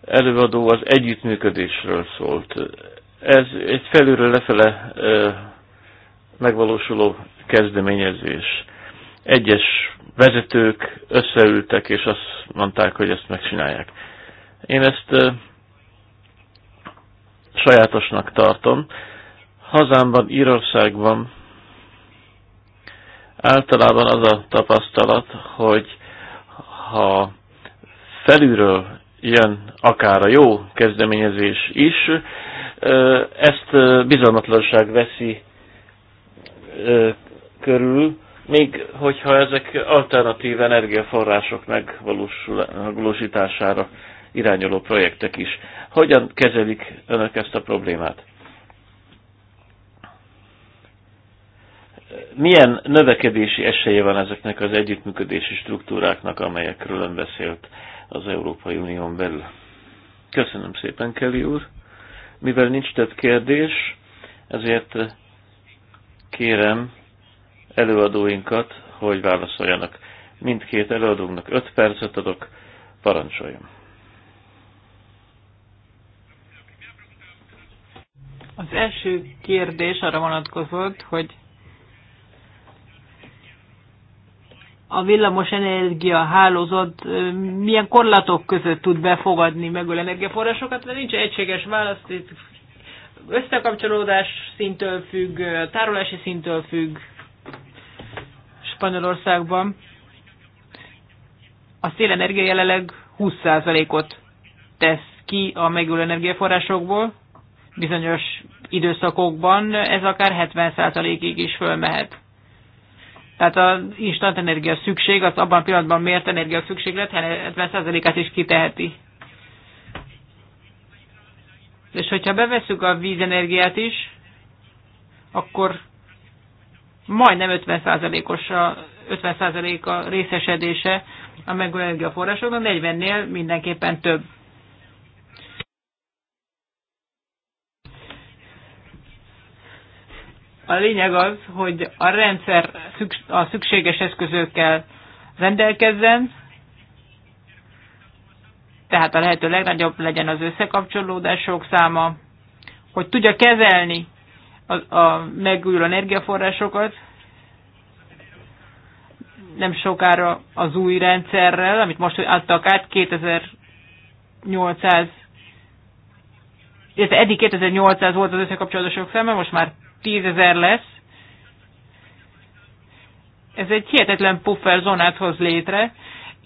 előadó az együttműködésről szólt. Ez egy felülről lefele megvalósuló kezdeményezés. Egyes vezetők összeültek, és azt mondták, hogy ezt megcsinálják. Én ezt sajátosnak tartom. Hazámban, Írországban általában az a tapasztalat, hogy ha felülről jön akár a jó kezdeményezés is, ezt bizalmatlanság veszi körül, még hogyha ezek alternatív energiaforrások megvalósítására irányuló projektek is. Hogyan kezelik önök ezt a problémát? Milyen növekedési esélye van ezeknek az együttműködési struktúráknak, amelyekről ön beszélt az Európai Unión belül? Köszönöm szépen, Kelly úr! Mivel nincs több kérdés, ezért kérem előadóinkat, hogy válaszoljanak. Mindkét előadónknak öt percet adok, parancsoljon. Az első kérdés arra vonatkozott, hogy a villamos energia hálózat milyen korlátok között tud befogadni megölő energiaforrásokat, mert nincs egységes válasz, összekapcsolódás szintől függ, tárolási szintől függ Spanyolországban. A szélenergia jelenleg 20%-ot tesz ki a megülő energiaforrásokból, bizonyos időszakokban ez akár 70%-ig is fölmehet. Tehát az instant energia szükség, az abban a pillanatban miért energia szükséglet 70%-át is kiteheti. És hogyha bevesszük a vízenergiát is, akkor majdnem 50%-os a, 50% a részesedése a megújuló energiaforrásoknak, 40-nél mindenképpen több. A lényeg az, hogy a rendszer a szükséges eszközökkel rendelkezzen, tehát a lehető legnagyobb legyen az összekapcsolódások száma, hogy tudja kezelni a, a megújuló energiaforrásokat, nem sokára az új rendszerrel, amit most adtak át, 2800, illetve eddig 2800 volt az összekapcsolódások száma, most már tízezer lesz. Ez egy hihetetlen puffer zónát hoz létre,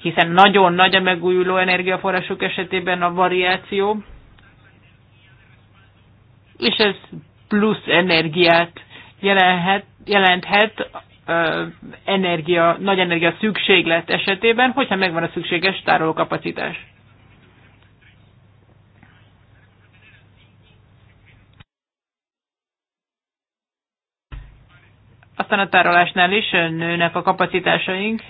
hiszen nagyon nagy a megújuló energiaforrások esetében a variáció, és ez plusz energiát jelenhet, jelenthet energia, nagy energia szükséglet esetében, hogyha megvan a szükséges tárolókapacitás. aztán a tárolásnál is nőnek a kapacitásaink.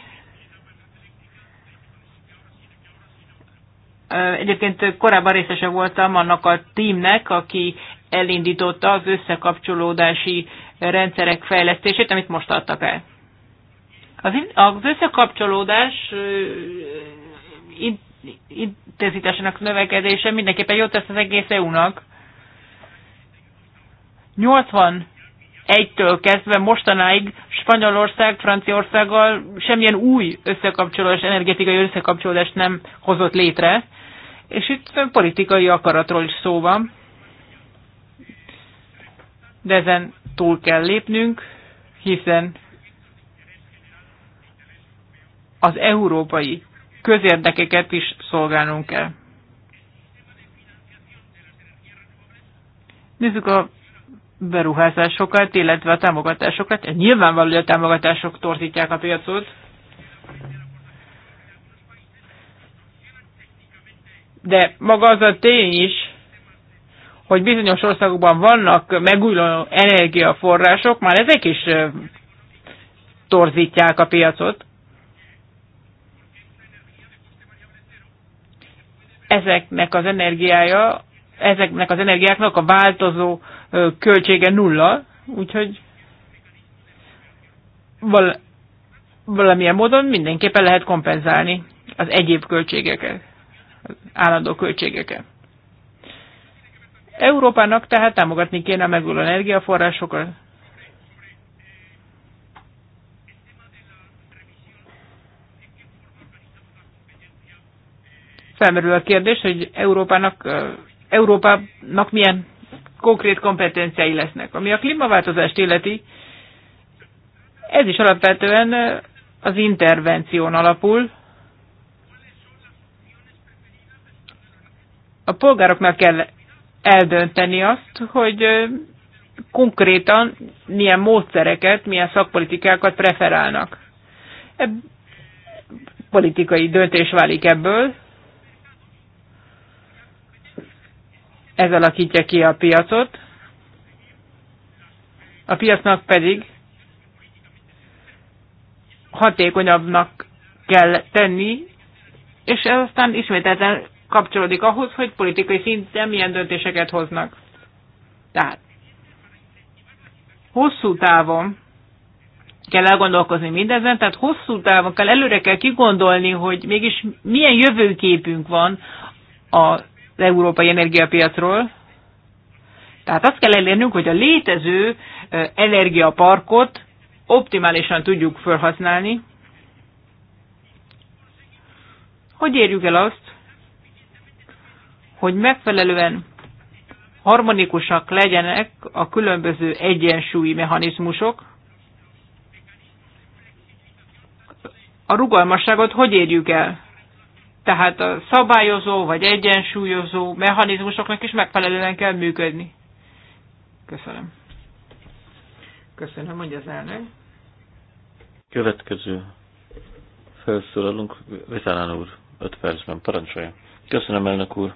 Egyébként korábban részese voltam annak a teamnek, aki elindította az összekapcsolódási rendszerek fejlesztését, amit most adtak el. Az összekapcsolódás intenzitásának növekedése mindenképpen jót tesz az egész EU-nak. 80 egytől kezdve mostanáig Spanyolország, Franciaországgal semmilyen új összekapcsolás, energetikai összekapcsolást nem hozott létre, és itt politikai akaratról is szó van, de ezen túl kell lépnünk, hiszen az európai közérdekeket is szolgálnunk kell. Nézzük a beruházásokat, illetve a támogatásokat. Nyilvánvaló, hogy a támogatások torzítják a piacot. De maga az a tény is, hogy bizonyos országokban vannak megújuló energiaforrások, már ezek is torzítják a piacot. Ezeknek az energiája, ezeknek az energiáknak a változó költsége nulla, úgyhogy val- valamilyen módon mindenképpen lehet kompenzálni az egyéb költségeket, az állandó költségeket. Európának tehát támogatni kéne a megújuló energiaforrásokat. Felmerül a kérdés, hogy Európának, Európának milyen konkrét kompetenciái lesznek. Ami a klímaváltozást illeti, ez is alapvetően az intervención alapul. A polgároknak kell eldönteni azt, hogy konkrétan milyen módszereket, milyen szakpolitikákat preferálnak. Politikai döntés válik ebből, ez alakítja ki a piacot, a piacnak pedig hatékonyabbnak kell tenni, és ez aztán ismételten kapcsolódik ahhoz, hogy politikai szinten milyen döntéseket hoznak. Tehát hosszú távon kell elgondolkozni mindezen, tehát hosszú távon kell, előre kell kigondolni, hogy mégis milyen jövőképünk van a európai energiapiacról. Tehát azt kell elérnünk, hogy a létező energiaparkot optimálisan tudjuk felhasználni. Hogy érjük el azt, hogy megfelelően harmonikusak legyenek a különböző egyensúlyi mechanizmusok, a rugalmasságot hogy érjük el? Tehát a szabályozó vagy egyensúlyozó mechanizmusoknak is megfelelően kell működni. Köszönöm. Köszönöm, hogy az elnök. Következő felszólalunk, Vitánán úr, 5 percben, parancsolja. Köszönöm, elnök úr.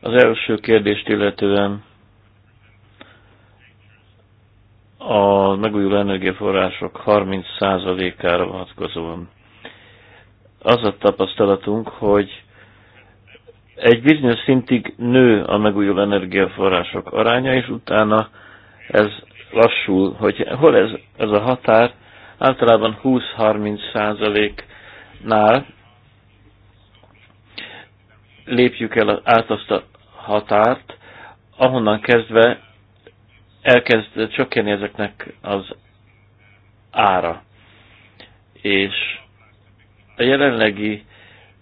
Az első kérdést illetően a megújuló energiaforrások 30%-ára vonatkozóan az a tapasztalatunk, hogy egy bizonyos szintig nő a megújuló energiaforrások aránya, és utána ez lassul, hogy hol ez, ez a határ, általában 20-30 százaléknál lépjük el át azt a határt, ahonnan kezdve elkezd csökkenni ezeknek az ára. És a jelenlegi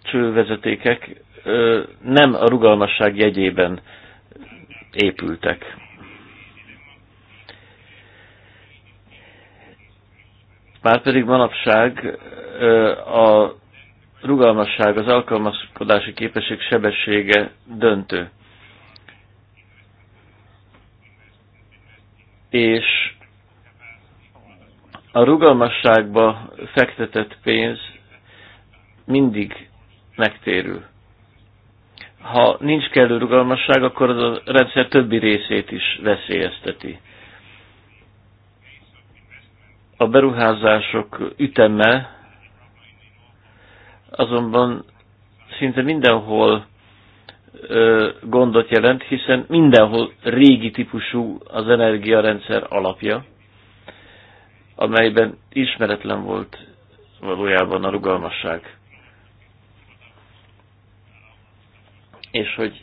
csővezetékek nem a rugalmasság jegyében épültek. Márpedig manapság a rugalmasság, az alkalmazkodási képesség sebessége döntő. És a rugalmasságba fektetett pénz mindig megtérül. Ha nincs kellő rugalmasság, akkor az a rendszer többi részét is veszélyezteti. A beruházások üteme azonban szinte mindenhol ö, gondot jelent, hiszen mindenhol régi típusú az energiarendszer alapja, amelyben ismeretlen volt valójában a rugalmasság. és hogy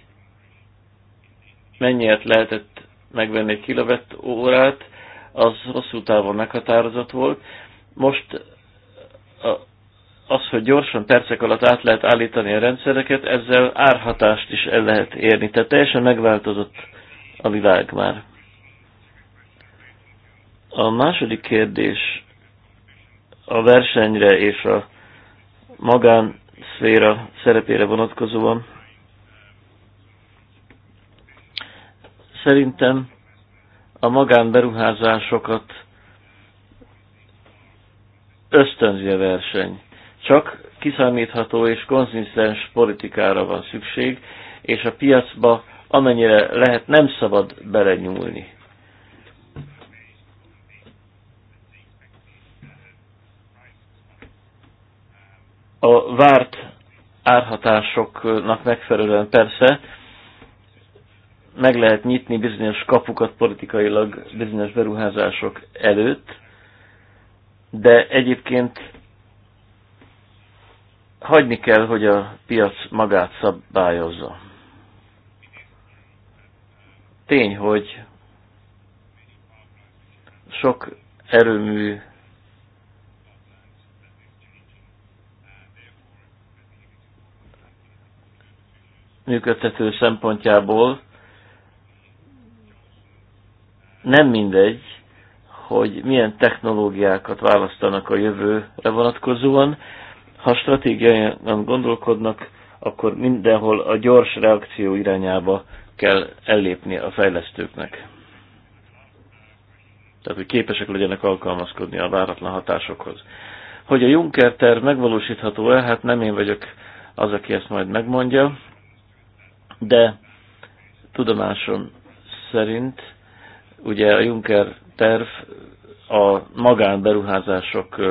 mennyiért lehetett megvenni egy kilovett órát, az hosszú távon meghatározott volt. Most az, hogy gyorsan percek alatt át lehet állítani a rendszereket, ezzel árhatást is el lehet érni. Tehát teljesen megváltozott a világ már. A második kérdés a versenyre és a magánszféra szerepére vonatkozóan. Szerintem a magánberuházásokat ösztönzi a verseny. Csak kiszámítható és konzisztens politikára van szükség, és a piacba amennyire lehet nem szabad belenyúlni. A várt árhatásoknak megfelelően persze meg lehet nyitni bizonyos kapukat politikailag bizonyos beruházások előtt, de egyébként hagyni kell, hogy a piac magát szabályozza. Tény, hogy sok erőmű működtető szempontjából nem mindegy, hogy milyen technológiákat választanak a jövőre vonatkozóan. Ha stratégiaian gondolkodnak, akkor mindenhol a gyors reakció irányába kell ellépni a fejlesztőknek. Tehát, hogy képesek legyenek alkalmazkodni a váratlan hatásokhoz. Hogy a Juncker terv megvalósítható-e, hát nem én vagyok az, aki ezt majd megmondja, de tudomásom szerint Ugye a Juncker terv a magánberuházások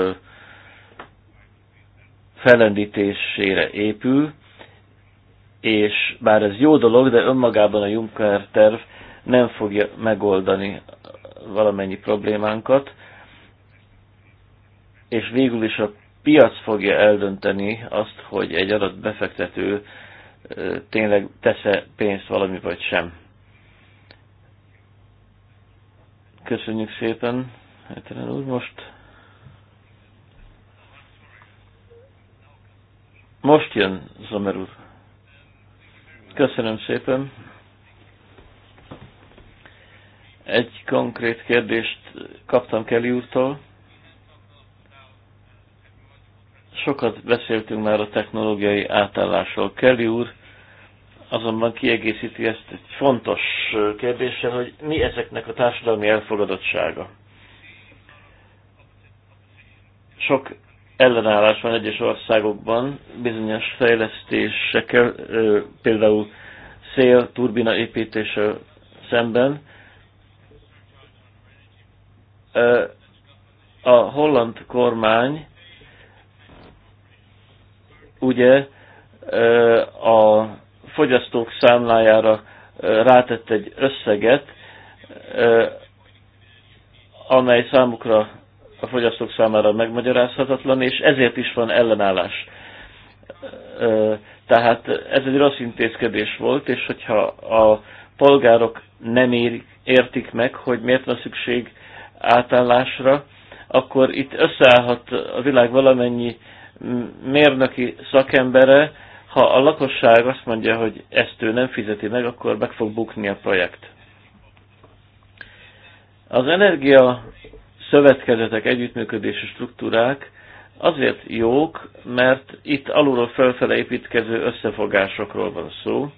felendítésére épül, és bár ez jó dolog, de önmagában a Juncker terv nem fogja megoldani valamennyi problémánkat, és végül is a piac fogja eldönteni azt, hogy egy adott befektető tényleg tesz-e pénzt valami vagy sem. Köszönjük szépen, Hetelen úr. Most, most jön Zomer úr. Köszönöm szépen. Egy konkrét kérdést kaptam Kelly úrtól. Sokat beszéltünk már a technológiai átállásról. Kelly úr azonban kiegészíti ezt egy fontos kérdéssel, hogy mi ezeknek a társadalmi elfogadottsága. Sok ellenállás van egyes országokban bizonyos fejlesztésekkel, például szél, turbina építése szemben. A holland kormány ugye a fogyasztók számlájára rátett egy összeget, amely számukra a fogyasztók számára megmagyarázhatatlan, és ezért is van ellenállás. Tehát ez egy rossz intézkedés volt, és hogyha a polgárok nem értik meg, hogy miért van szükség átállásra, akkor itt összeállhat a világ valamennyi mérnöki szakembere, ha a lakosság azt mondja, hogy ezt ő nem fizeti meg, akkor meg fog bukni a projekt. Az energia szövetkezetek, együttműködési struktúrák azért jók, mert itt alulról felfele építkező összefogásokról van szó.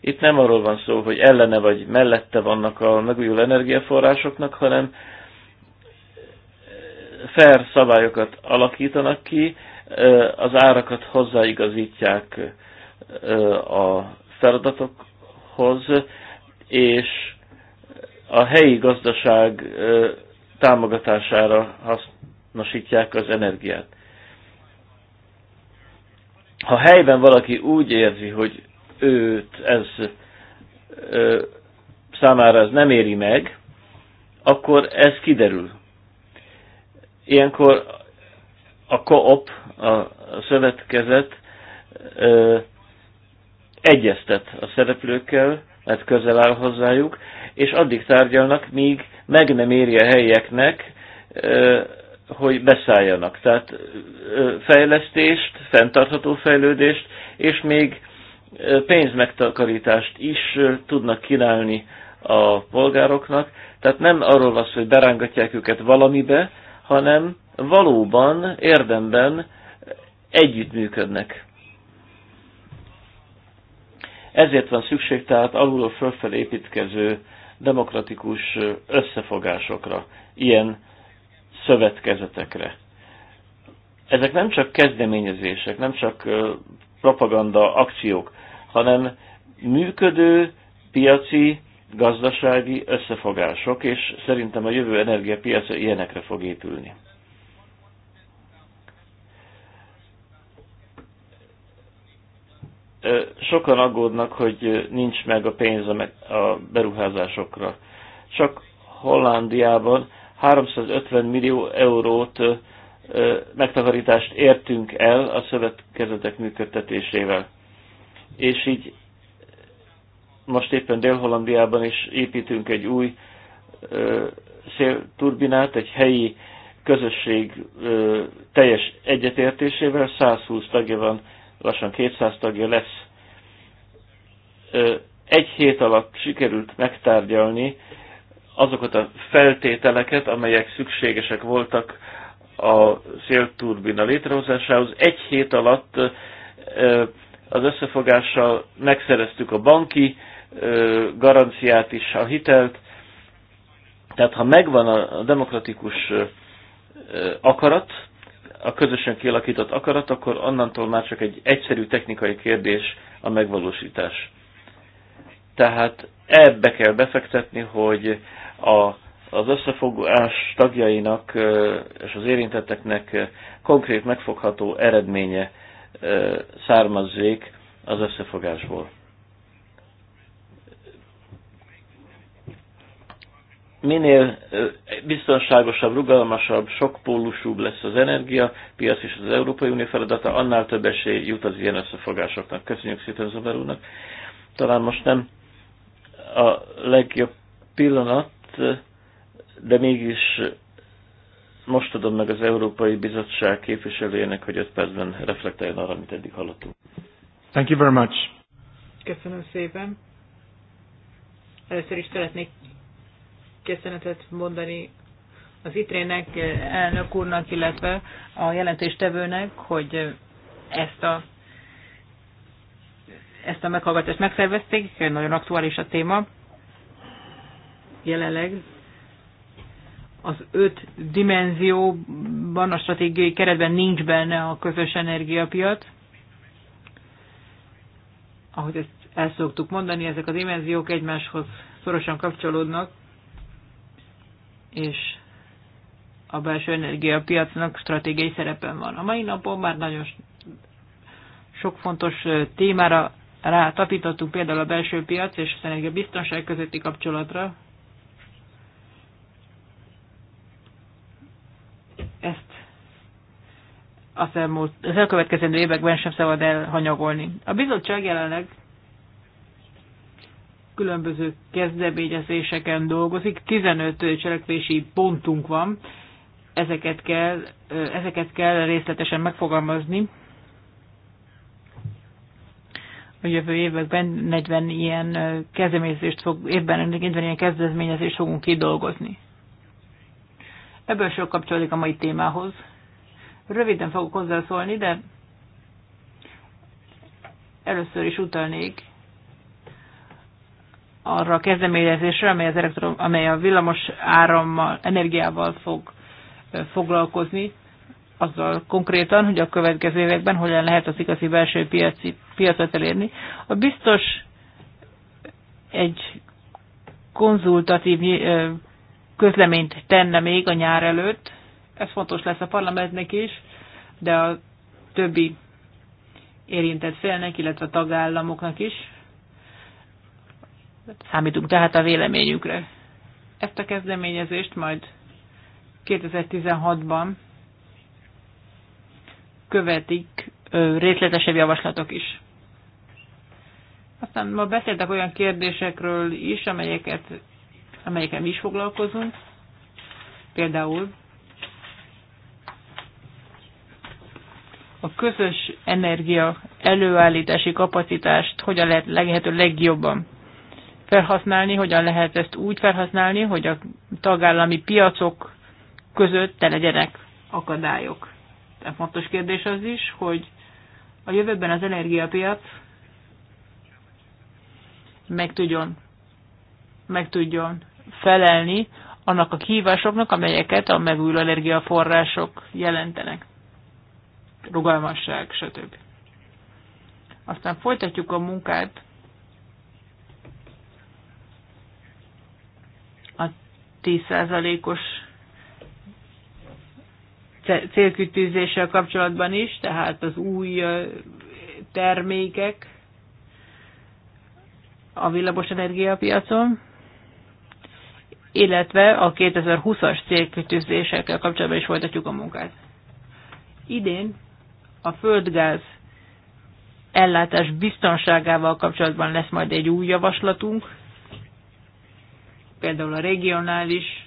Itt nem arról van szó, hogy ellene vagy mellette vannak a megújuló energiaforrásoknak, hanem fair szabályokat alakítanak ki, az árakat hozzáigazítják a feladatokhoz, és a helyi gazdaság támogatására hasznosítják az energiát. Ha helyben valaki úgy érzi, hogy őt ez számára ez nem éri meg, akkor ez kiderül. Ilyenkor a koop, a szövetkezet ö, egyeztet a szereplőkkel, mert közel áll hozzájuk, és addig tárgyalnak, míg meg nem éri a helyieknek, ö, hogy beszálljanak. Tehát ö, fejlesztést, fenntartható fejlődést, és még pénzmegtakarítást is tudnak kínálni a polgároknak. Tehát nem arról van szó, hogy berángatják őket valamibe, hanem valóban érdemben együttműködnek. Ezért van szükség tehát alulról fölfelé építkező demokratikus összefogásokra, ilyen szövetkezetekre. Ezek nem csak kezdeményezések, nem csak propaganda akciók, hanem működő piaci, gazdasági összefogások, és szerintem a jövő energiapiaca ilyenekre fog épülni. sokan aggódnak, hogy nincs meg a pénz a beruházásokra. Csak Hollandiában 350 millió eurót megtakarítást értünk el a szövetkezetek működtetésével. És így most éppen Dél-Hollandiában is építünk egy új szélturbinát, egy helyi közösség teljes egyetértésével, 120 tagja van lassan 200 tagja lesz. Egy hét alatt sikerült megtárgyalni azokat a feltételeket, amelyek szükségesek voltak a szélturbina létrehozásához. Egy hét alatt az összefogással megszereztük a banki garanciát is, a hitelt. Tehát ha megvan a demokratikus akarat, a közösen kialakított akarat, akkor onnantól már csak egy egyszerű technikai kérdés a megvalósítás. Tehát ebbe kell befektetni, hogy a, az összefogás tagjainak és az érintetteknek konkrét megfogható eredménye származzék az összefogásból. minél biztonságosabb, rugalmasabb, sokpólusúbb lesz az energia, és az Európai Unió feladata, annál több esély jut az ilyen összefogásoknak. Köszönjük szépen Zober úrnak. Talán most nem a legjobb pillanat, de mégis most adom meg az Európai Bizottság képviselőjének, hogy öt percben reflektáljon arra, amit eddig hallottunk. Thank you very much. Köszönöm szépen. Először is szeretnék köszönetet mondani az ITRÉ-nek, elnök úrnak, illetve a jelentéstevőnek, hogy ezt a ezt a meghallgatást megszervezték, nagyon aktuális a téma. Jelenleg az öt dimenzióban, a stratégiai keretben nincs benne a közös energiapiac. Ahogy ezt el szoktuk mondani, ezek a dimenziók egymáshoz szorosan kapcsolódnak és a belső energiapiacnak stratégiai szerepen van. A mai napon már nagyon sok fontos témára rátapítottunk, például a belső piac és az energiabiztonság közötti kapcsolatra. Ezt az elmúlt, az elkövetkezendő években sem szabad elhanyagolni. A bizottság jelenleg különböző kezdeményezéseken dolgozik, 15 cselekvési pontunk van, ezeket kell, ezeket kell részletesen megfogalmazni. A jövő években 40 ilyen kezdeményezést fog, évben 40 ilyen kezdeményezést fogunk kidolgozni. Ebből sok kapcsolódik a mai témához. Röviden fogok hozzászólni, de először is utalnék arra a kezdeményezésre, amely, az elektrom, amely a villamos árammal, energiával fog foglalkozni, azzal konkrétan, hogy a következő években hogyan lehet az igazi belső piaci, piacot elérni. A biztos egy konzultatív közleményt tenne még a nyár előtt, ez fontos lesz a parlamentnek is, de a többi érintett félnek, illetve a tagállamoknak is. Számítunk tehát a véleményükre. Ezt a kezdeményezést majd 2016-ban követik részletesebb javaslatok is. Aztán ma beszéltek olyan kérdésekről is, amelyeket, amelyeken mi is foglalkozunk. Például a közös energia előállítási kapacitást hogyan lehet lehető legjobban felhasználni, hogyan lehet ezt úgy felhasználni, hogy a tagállami piacok között te legyenek akadályok. Tehát fontos kérdés az is, hogy a jövőben az energiapiac meg tudjon, meg tudjon felelni annak a kihívásoknak, amelyeket a megújuló energiaforrások jelentenek. Rugalmasság, stb. Aztán folytatjuk a munkát 10%-os célkütőzéssel kapcsolatban is, tehát az új termékek a villamos energiapiacon, illetve a 2020-as célkütőzésekkel kapcsolatban is folytatjuk a munkát. Idén a földgáz ellátás biztonságával kapcsolatban lesz majd egy új javaslatunk, például a regionális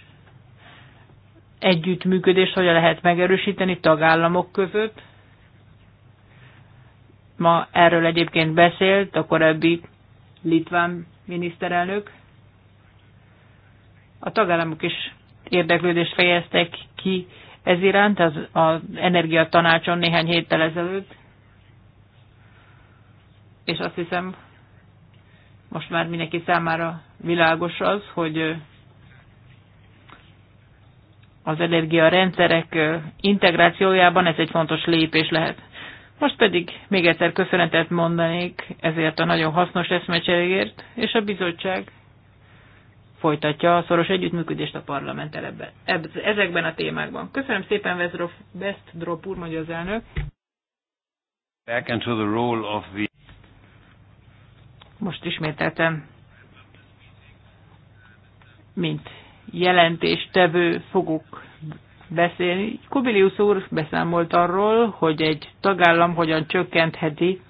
együttműködést hogyan lehet megerősíteni tagállamok között. Ma erről egyébként beszélt a korábbi litván miniszterelnök. A tagállamok is érdeklődést fejeztek ki ez iránt az, az energiatanácson néhány héttel ezelőtt, és azt hiszem, most már mindenki számára világos az, hogy az energiarendszerek integrációjában ez egy fontos lépés lehet. Most pedig még egyszer köszönetet mondanék ezért a nagyon hasznos eszmecseréért, és a bizottság folytatja a szoros együttműködést a parlamenttel ebben, ezekben a témákban. Köszönöm szépen, Drop úr, mondja az elnök. Back into the role of the... Most ismételtem, mint jelentéstevő fogok beszélni. Kubilius úr beszámolt arról, hogy egy tagállam hogyan csökkentheti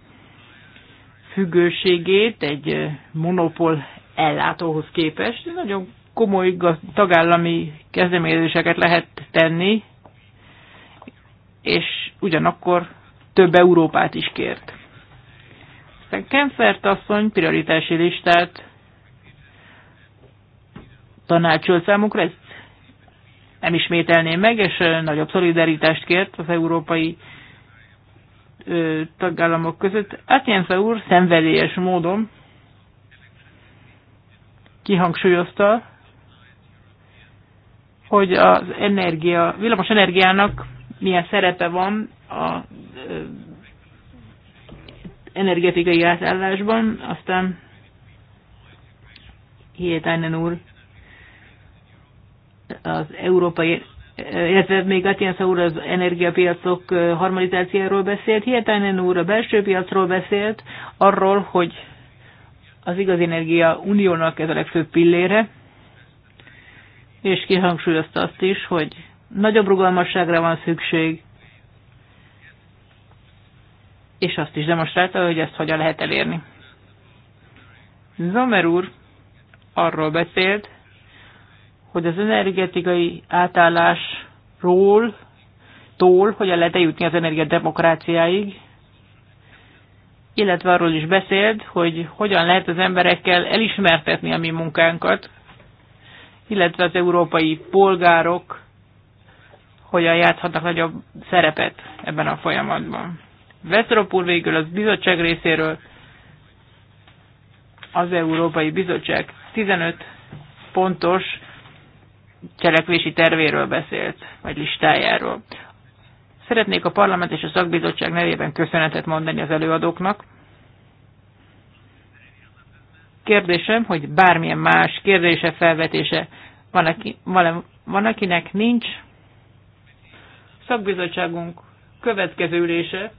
függőségét egy monopól ellátóhoz képest. Nagyon komoly tagállami kezdeményezéseket lehet tenni, és ugyanakkor több Európát is kért. Aztán Kempfert asszony prioritási listát tanácsolt számukra, ezt nem ismételném meg, és nagyobb szolidaritást kért az európai ö, tagállamok között. Atienfe úr szenvedélyes módon kihangsúlyozta, hogy az energia, villamos energiának milyen szerepe van a energetikai átállásban, aztán Hietainen úr az európai, illetve még Atiensza úr az energiapiacok harmonizációról beszélt, Hietainen úr a belső piacról beszélt, arról, hogy az igazi energia uniónak ez a legfőbb pillére, és kihangsúlyozta azt is, hogy nagyobb rugalmasságra van szükség, és azt is demonstrálta, hogy ezt hogyan lehet elérni. Zomer úr arról beszélt, hogy az energetikai átállásról, tól, hogyan lehet eljutni az demokráciáig, illetve arról is beszélt, hogy hogyan lehet az emberekkel elismertetni a mi munkánkat, illetve az európai polgárok hogyan játszhatnak nagyobb szerepet ebben a folyamatban. Veszrop úr végül az bizottság részéről az Európai Bizottság 15 pontos cselekvési tervéről beszélt, vagy listájáról. Szeretnék a parlament és a szakbizottság nevében köszönetet mondani az előadóknak. Kérdésem, hogy bármilyen más kérdése, felvetése van, aki, van, van akinek nincs. Szakbizottságunk következő ülése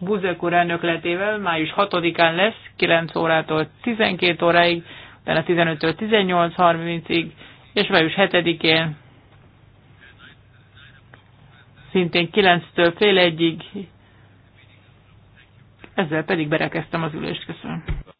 Buzek úr elnökletével május 6-án lesz, 9 órától 12 óráig, utána 15-től 18.30-ig, és május 7-én szintén 9-től fél egyig. Ezzel pedig berekeztem az ülést. Köszönöm.